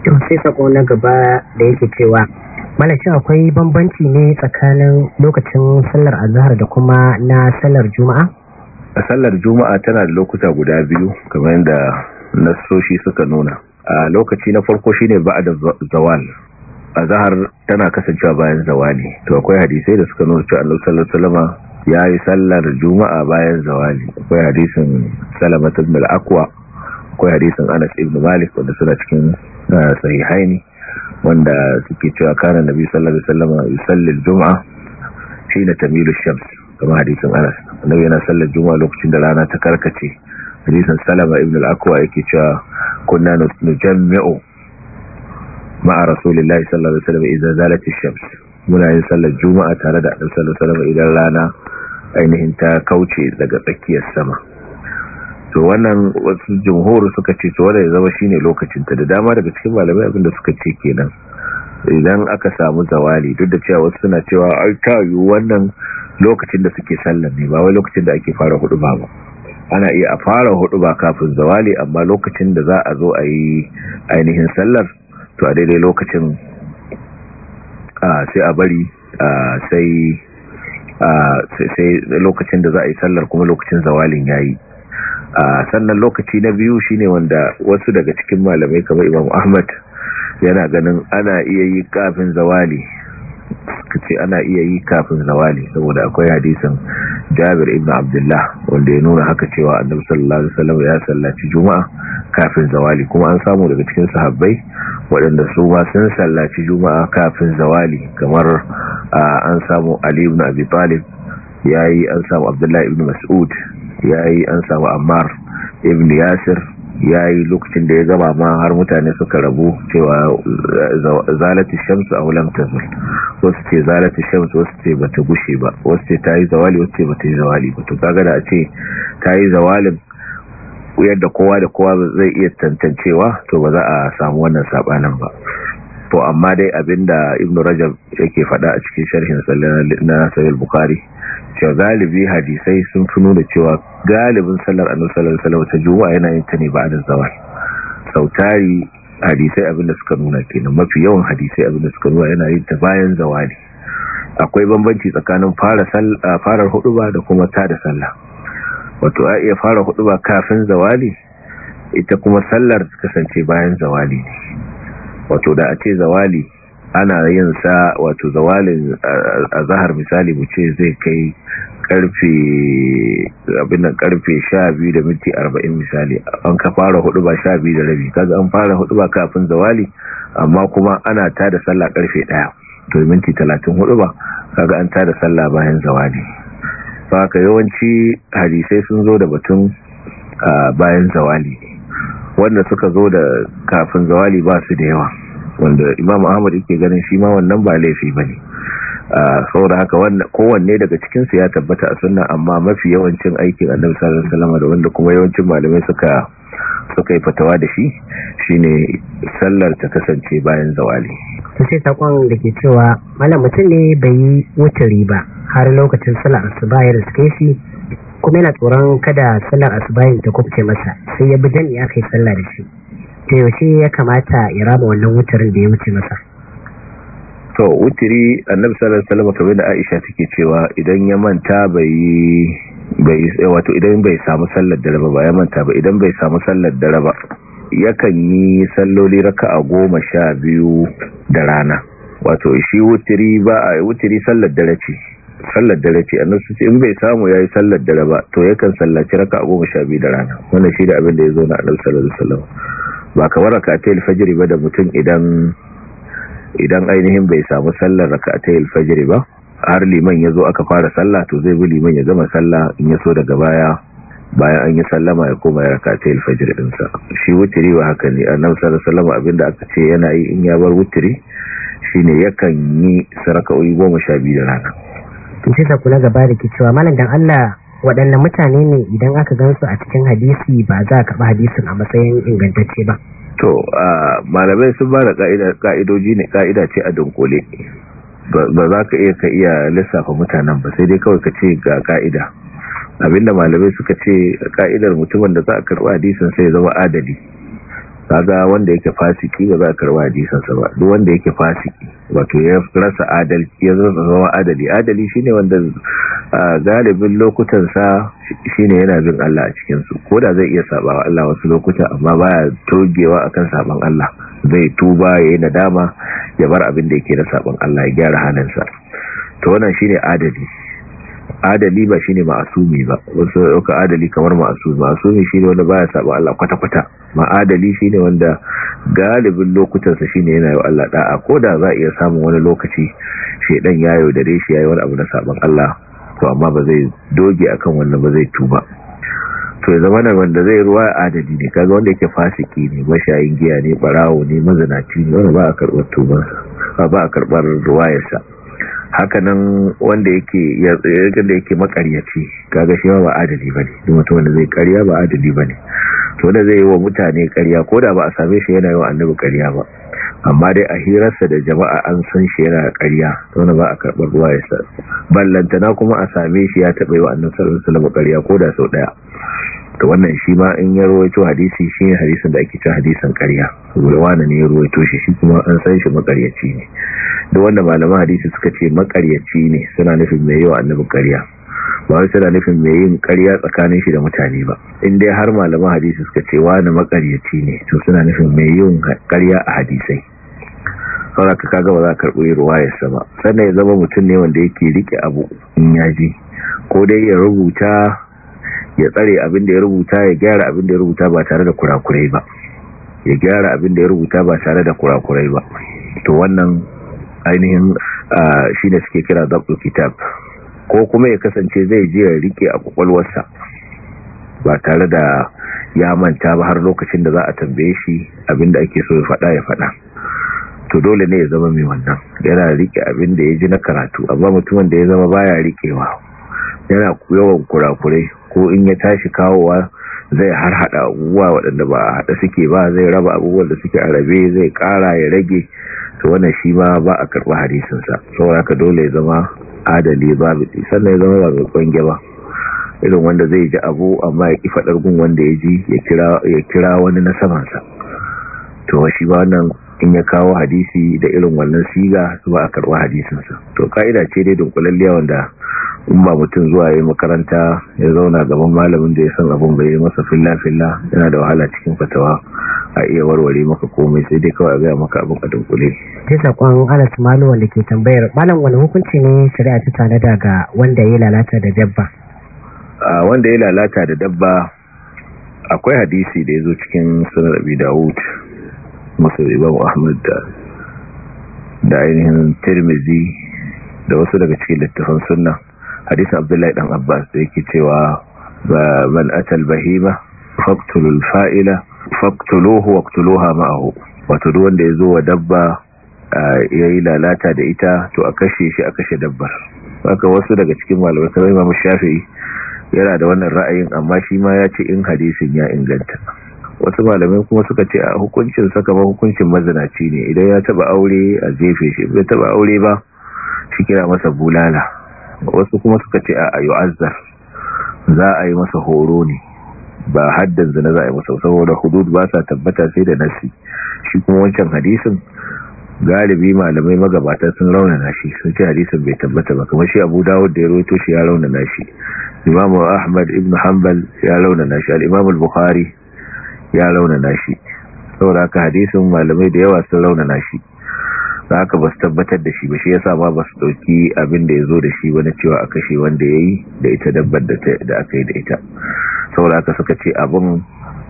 to sai sako na gaba da yake cewa malashin akwai bambanci ne tsakanin lokacin sallar azhar da kuma na sallar juma'a A sallar juma'a tana da lokuta guda biyu kamar yadda nasoshi suka nuna a lokaci na farko shine ba da zawal zahar tana kasancewa bayan zawali to akwai hadisai da suka nuna cewa Annabi sallallahu alaihi wasallam ya yi sallar juma'a bayan zawali akwai hadisin Salama ibn al-Aqwa akwai hadisin Anas ibn Malik wanda suna cikin ah, sahihaini wanda suke cewa kana Nabi sallallahu alaihi wasallam yusalli al-jum'a hina tamilu shams kamar hadisin anas annabi yana sallar juma'a lokacin da rana ta karkace hadisin salama ibn al-akwa yake cewa kunna nujammi'u ma'a rasulillahi sallallahu alaihi wasallam idza zalat ash-shams muna yin sallar juma'a tare da annabi sallallahu alaihi wasallam idan rana ainihin ta kauce daga tsakiyar sama to wannan wasu jumhur suka ce to wanda ya zama shine lokacin ta da dama daga cikin malamai abin da suka ce kenan idan aka samu zawali duk da cewa wasu suna cewa ai ta yi wannan lokacin da suke sallar ne ba wai lokacin da ake fara hudu ba ana iya a fara hudu ba kafin zawali amma lokacin da za a zo a yi ainihin sallar to a daidai lokacin sai a bari sai lokacin da za a yi sallar kuma lokacin zawalin ya yi sannan lokaci na biyu shine wanda wasu daga cikin malamai kamar imam ahmad yana ganin ana iya yi kafin zawali kace ce ana iya yi kafin zawali saboda akwai hadisin jabir ibn abdullah wanda ya nuna haka cewa annabi sallallahu alaihi wasallam ya sallaci juma'a kafin zawali kuma an samu daga cikin sahabbai waɗanda su ma sun sallaci juma'a kafin zawali kamar an samu ali ibn abi talib yayi an samu abdullah ibn mas'ud yayi an samu ammar ibn yasir ya yi lokacin da ya gama ma har mutane suka rabu cewa zalatu shamsu a wulan tazul wasu ce zalatu shamsu wasu ce bata gushe ba wasu ce ta yi zawali wasu ce bata yi zawali ba to kaga da a ce ta yi zawalin yadda kowa da kowa zai iya tantancewa to ba za a samu wannan sabanin ba to amma dai abinda ibn rajab yake faɗa a cikin sharhin na sahih bukhari cewa galibi hadisai sun fi nuna cewa galibin sallar annabi sallallahu alaihi wasallam ta yana yin ta ne ba da zawal sautari hadisai abinda suka nuna kenan mafi yawan hadisai abinda suka nuna yana yin ta bayan zawali akwai bambanci tsakanin fara farar huduba da kuma ta da sallah wato a iya fara huduba kafin zawali ita kuma sallar kasance bayan zawali ne wato da a ce zawali ana yin sa wato zawalin a zahar misali mu ce zai kai karfe abin nan karfe 12 da minti 40 misali an ka fara hudu ba 12 da rabi kaga an fara hudu ba kafin zawali amma kuma ana ta da sallah karfe 1 to minti 30 hudu ba kaga an ta da sallah bayan zawali ka yawanci hadisai sun zo da batun bayan zawali wanda suka zo da kafin zawali ba su da yawa wanda imam ahmad yake ganin shi ma wannan ba laifi ba ne saboda haka kowanne daga cikinsu ya tabbata a sunna amma mafi yawancin aikin annabi sallallahu alaihi da wanda kuma yawancin malamai suka suka yi fatawa da shi shine sallar ta kasance bayan zawali to sai sakon da ke cewa malam mutum ne bai yi wuturi ba har lokacin sallar asuba ya riske shi kuma yana tsoron kada sallar asuba ta kubce masa sai ya bi dani aka yi sallah da shi ta yaushe ya kamata ya raba wannan wutarin da ya wuce masa to wutiri annabi sallallahu alaihi wasallam kamar da Aisha take cewa idan ya manta bai bai eh, wato idan bai samu sallar da raba ba ya manta ba idan bai samu sallar da raba yakan yi salloli raka'a goma sha biyu da rana wato shi wutiri ba a wutiri sallar dare ce sallar dare ce annabi ce, in bai samu yi sallar dare ba to yakan sallaci raka'a goma sha biyu da rana wannan shi da abin da ya zo na annabi sallallahu alaihi wasallam ba kamar raka'atayil fajr ba da mutum idan ainihin bai samu sallar raka'atayil fajr ba har liman ya zo aka fara sallah to zai bi liman ya gama sallah in ya so daga baya bayan an yi sallama ya koma ya rakata alfajir dinsa shi wutiri wa haka ne annabi sallallahu alaihi wasallam abinda aka ce yana yi in ya bar wutiri shine yakan yi sarakawi 12 da rana to sai da kula gaba da ke malam dan Allah waɗanne mutane ne idan aka gansu a cikin hadisi ba za a kaɓa hadisin a matsayin ingantacce ba to malamai sun ba da ƙa'idoji ne ƙa'ida ce a dunkule ba za ka iya ka iya lissafa mutanen ba sai dai kawai ka ce ga ƙa'ida abinda malamai suka ce ƙa'idar mutumin da za a karɓa hadisin sai zama adali kaga wanda yake fasiki ba za a karba hadisansa ba duk wanda yake fasiki wato ya rasa adalci ya zama adali adali shine wanda galibin lokutan sa shine yana bin Allah a cikin su koda zai iya wa Allah wasu lokuta amma baya togewa akan saban Allah zai tuba ya yi nadama ya bar abin da yake na saban Allah ya gyara sa to wannan shine adali adali ba shine ma'asumi ba wasu lokuta adali kamar ma'asumi ma'asumi shine wanda baya saba Allah kwata-kwata ma'adali shi ne wanda galibin lokutansa ne yana yau Allah da'a ko da za a iya samun wani lokaci shedan yayo da reshi yi wani abu na sabon Allah to amma ba zai doge a kan wannan ba zai tuba to ya zama wanda zai ruwa adadi ne kaga wanda yake fasiki ne mashayin giya ne ɓarawo ne mazinaci ne wanda ba a karɓar tubansa ba a karɓar ruwayarsa hakanan wanda yake da yake makaryaci kaga shi ba adali bane duk mutum wanda zai karya ba adali bane to da zai yi wa mutane karya ko da ba a same shi yana yi wa annabi karya ba amma dai a hirarsa da jama'a an san shi yana karya wanda ba a karɓar ruwa ya sa ballantana kuma a same shi ya taɓa yi wa annabi sallallahu alaihi wasallam karya ko da sau ɗaya Da wannan shi ma in ya rawaito hadisi shi ne hadisin da ake cin hadisin ƙarya saboda wani ne ya rawaito shi shi kuma an san shi makaryaci ne da wanda malaman hadisi suka ce makaryaci ne suna nufin mai yawa annabi ƙarya ba wai suna nufin mai yin ƙarya tsakanin shi da mutane ba in dai har malaman hadisi suka ce wani makaryaci ne to suna nufin mai yin ƙarya a hadisai Kawai ka kaga ba za ka karɓi ya ba sannan ya zama mutum ne wanda yake rike abu in yaji ko dai ya rubuta ya tsare abin da ya rubuta ya gyara abin da ya rubuta ba tare da kurakurai ba ya gyara abin da ya rubuta ba tare da kurakurai ba to wannan ainihin shi ne suke kira zaɓu kitab ko kuma ya kasance zai je ya rike a kwakwalwarsa ba tare da ya manta ba har lokacin da za a tambaye shi abin da ake so ya faɗa ya faɗa to dole ne ya zama mai wannan yana rike abin da ya ji na karatu amma mutumin da ya zama baya rikewa yana yawan kurakurai ko in ya tashi kawowa zai har hada abubuwa waɗanda ba a hada suke ba zai raba abubuwan da suke a rabe zai kara ya rage to wannan shi ma ba a karɓi hadisinsa saboda haka dole ya zama adali babu sannan ya zama ba mai kwange ba irin wanda zai ji abu amma ya ƙi faɗar gun wanda ya ji ya kira wani na samansa to shi ba wannan in ya kawo hadisi da irin wannan siga ba a karɓi hadisinsa to ka'ida ce dai dunkulalliya wanda in ba mutum zuwa yi makaranta ya zauna gaban malamin da ya san abin bai yi masa filla-filla yana da wahala cikin fatawa a iya warware maka komai sai dai kawai gaya maka abin a dunkule. ta sakon alas manuwal wanda ke tambayar malam wani hukunci ne shari'a ta tana daga wanda ya lalata da dabba wanda ya lalata da dabba akwai hadisi da ya zo cikin sunan abi dawud masu imam ahmad da ainihin tirmizi da wasu daga cikin littafan sunna hadisi abdullahi dan abbas da yake cewa man atal bahima faqtulul fa'ila faqtuluhu waqtuluha ma'ahu wato duk wanda yazo wa dabba yayi lalata da ita to a kashe shi a kashe dabbar haka wasu daga cikin malamai kamar Imam Shafi'i yana da wannan ra'ayin amma shi ma ya ce in hadisin ya inganta wasu malamai kuma suka ce a hukuncin saka ba hukuncin mazinaci ne idan ya taba aure a jefe shi bai taba aure ba shi kira masa bulala wasu kuma suka ce a yu'azzar za a yi masa horo ne ba haddan zina za a yi masa saboda hudud ba sa tabbata sai da nasi shi kuma wancan hadisin galibi malamai magabata sun raunana shi sun ce hadisin bai tabbata ba kamar shi abu dawud da ya roto shi ya raunana shi imam ahmad ibn hanbal ya raunana shi al bukhari ya raunana shi saboda haka hadisin malamai da yawa sun raunana shi da haka ba su tabbatar da shi ba shi yasa ba ba su ɗauki abin da ya zo da shi wani cewa a kashe wanda ya yi da ita dabbar da aka yi da ita saboda haka suka ce abin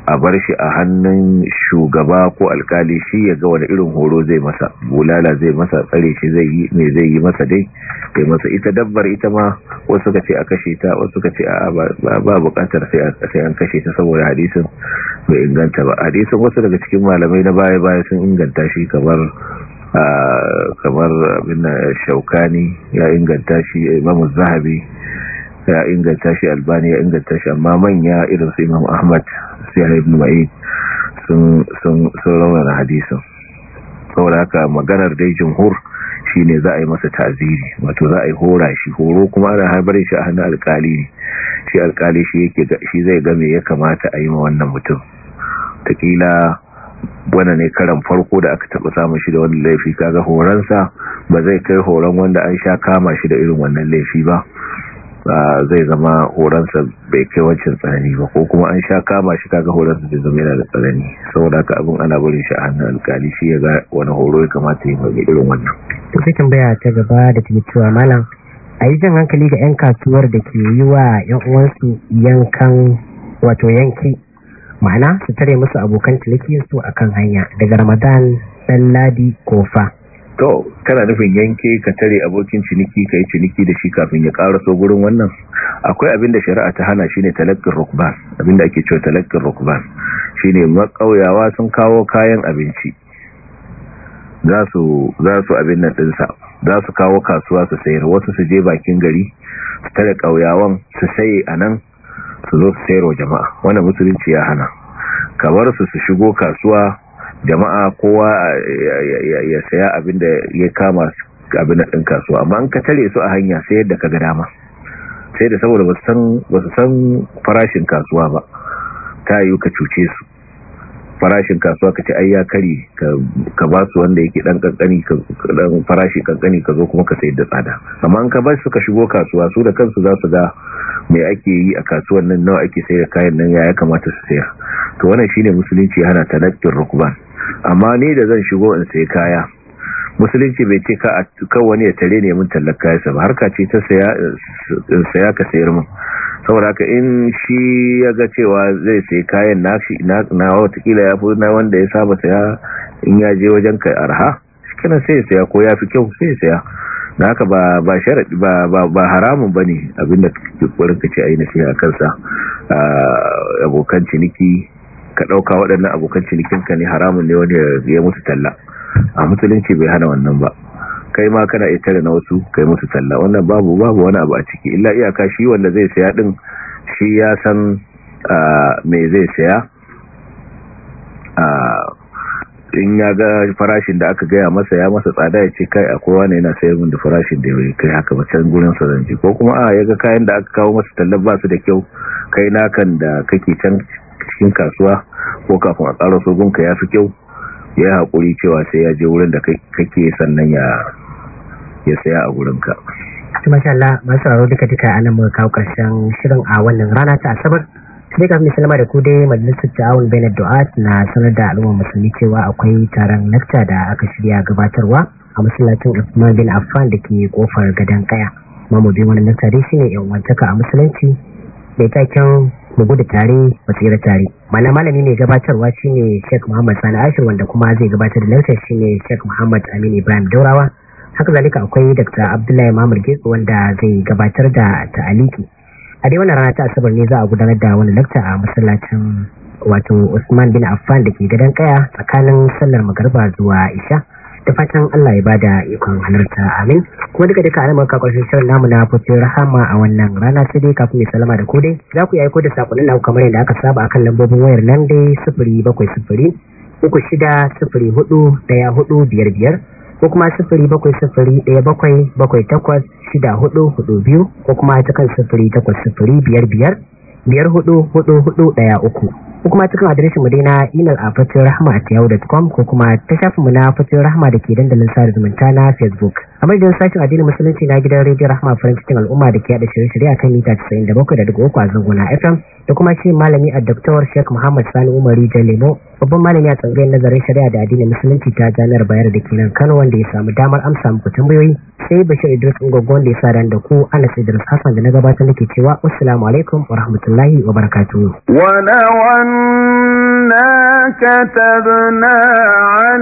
a bar shi a hannun shugaba ko alkali shi ya ga wani irin horo zai masa bulala zai masa tsare shi zai yi me zai yi masa dai kai masa ita dabbar ita ma wasu suka ce a kashe ta wasu suka ce a ba bukatar sai an kashe ta saboda hadisin bai inganta ba hadisin wasu daga cikin malamai na baya baya sun inganta shi kamar kamar abin shaukani ya inganta shi imamu zahabi ya inganta shi albani ya inganta shi amma manya irin su imam ahmad sai ibn ma'id sun sun rawana hadisin saboda haka maganar dai shi ne za a yi masa ta'ziri wato za a yi hora shi horo kuma ana harbarin shi a hannun alkali ne shi alkali shi zai ga me ya kamata a yi ma wannan mutum taƙila. wanda ne karan farko da aka taba samun shi da wani laifi kaga horonsa ba zai kai horon wanda an sha kama shi da irin wannan laifi ba zai zama horonsa bai kai wancan tsanani ba ko kuma an sha kama shi kaga horonsa zai zama yana da tsanani saboda haka abin ana barin shi a hannun alkali shi ya ga wani horo ya kamata ya mai irin wannan to sai tambaya ta gaba da take malam a yi jan hankali ga 'yan kasuwar da ke yi wa 'yan uwansu yankan wato yanki ma'ana su tare musu abokan cinikiyarsu a kan hanya daga ramadan dan ladi kofa to kana nufin yanke ka tare abokin ciniki ka yi ciniki da shi kafin ya karaso gurin wannan akwai abin da shari'a ta hana shine talakkin rukban abin da ake cewa talakkin rukban shine makauyawa sun kawo kayan abinci za su abin nan ɗinsa za su kawo kasuwa su sayar wasu su je bakin gari su tare ƙauyawan su saye a nan su zo su sayarwa jama'a wani musulunci ya hana kamar su su shigo kasuwa jama'a kowa ya saya abin da ya kama abin ɗin kasuwa amma an ka tare su a hanya sai yadda ka ga dama sai da saboda ba su san farashin kasuwa ba ta yi ka cuce su farashin kasuwa ka ce ai ya kari ka ba su wanda yake dan kankani ka farashi kankani ka zo kuma ka sayar da tsada amma an ka ba su ka shigo kasuwa su da kansu za su ga me ake yi a kasuwan nan nawa ake sayar da kayan nan ya kamata su sayar to wannan shine musulunci hana tanakkin rukban amma ni da zan shigo in sayi kaya musulunci bai ce ka wani ya tare ne mun tallaka ya ba harka ce ta saya eh, ka sayar mun saboda ka in shi ya ga cewa zai sai kayan na watakila ya fi na wanda ya saba saya in ya je wajen kai arha kanan sai ya saya ko ya fi kyau sai ya saya na haka ba ba ba ba ba haramun ka abinda a yi kace a a kansa abokan ciniki ka ɗauka waɗannan abokan cinikin ka ne haramun ne wani ya mutu talla a musulunci bai hana wannan ba kai ma kana ita da na wasu kai musu talla wannan babu babu wani abu a ciki illa iyaka shi wanda zai saya din shi ya san me zai saya in ya ga farashin da aka gaya masa ya masa tsada ya ce kai a kowa ne yana sayar min da farashin da ya kai haka can gurin sa ko kuma a ya ga kayan da aka kawo masa tallar ba su da kyau kai nakan da kake can cikin kasuwa ko kafin a tsara sogunka ya fi kyau ya yi haƙuri cewa sai ya je wurin da kake sannan ya ya tsaya a gurinka masha Allah masu raro duka duka a nan muka kawo karshen shirin a wannan rana ta asabar sai kafin salama da ku dai majalisar ta'awun bayan du'at na sanar da al'ummar musulmi cewa akwai taron lakta da aka shirya gabatarwa a masallacin Usman bin Affan da ke kofar gadan kaya bi wani lakta dai shine yan wantaka a musulunci da taken mu gudu tare mu tsira tare mana malami mai gabatarwa shine Sheikh Muhammad Sani Ashir wanda kuma zai gabatar da lakta shine Sheikh Muhammad Amin Ibrahim Daurawa haka zalika akwai dr abdullahi mamar wanda zai gabatar da ta'aliki a dai wannan rana ta asabar ne za a gudanar da wani lakta a masallacin wato usman bin affan da ke gadon kaya tsakanin sallar magarba zuwa isha da fatan allah ya bada ikon halarta amin kuma duka duka alamar kakwarshen shirin namu na fufi rahama a wannan rana sai dai kafin mai salama da kodai za ku yi aiko da sakonin na kamar yadda aka saba akan lambobin wayar nan dai sufuri bakwai sufuri uku shida sufuri hudu daya hudu biyar biyar ko kuma sifiri bakwai sifiri ɗaya bakwai bakwai takwas shida hudu hudu biyu ko kuma ta kan sifiri takwas sifiri biyar biyar biyar hudu hudu hudu ɗaya uku ko kuma cikin adireshin mu daina a fatin rahama a tiyahu.com ko kuma ta shafin mu na fatin rahama da ke dandalin sa zumunta na facebook a madadin sashen addinin musulunci na gidan rediyo rahama farin cikin al'umma da ke yada shirye-shirye a akan mita 97.3 a zangona fm da kuma ce malami a dr sheikh muhammad sani umaru jalemo babban malami a tsangayar nazarin shari'a da addinin musulunci ta jami'ar bayar da kenan kano wanda ya samu damar amsa muku tambayoyi sai bashir idris ungogo wanda ya sa ran da ku anas idris hassan da na gabatar nake cewa assalamu alaikum wa rahmatullahi wa barakatuhu كتبنا an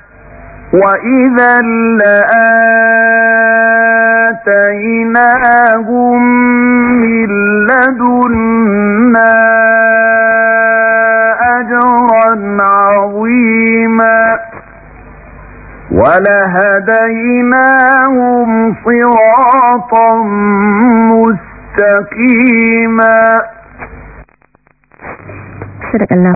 وإذا لآتيناهم من لدنا أجرا عظيما ولهديناهم صراطا مستقيما صدق الله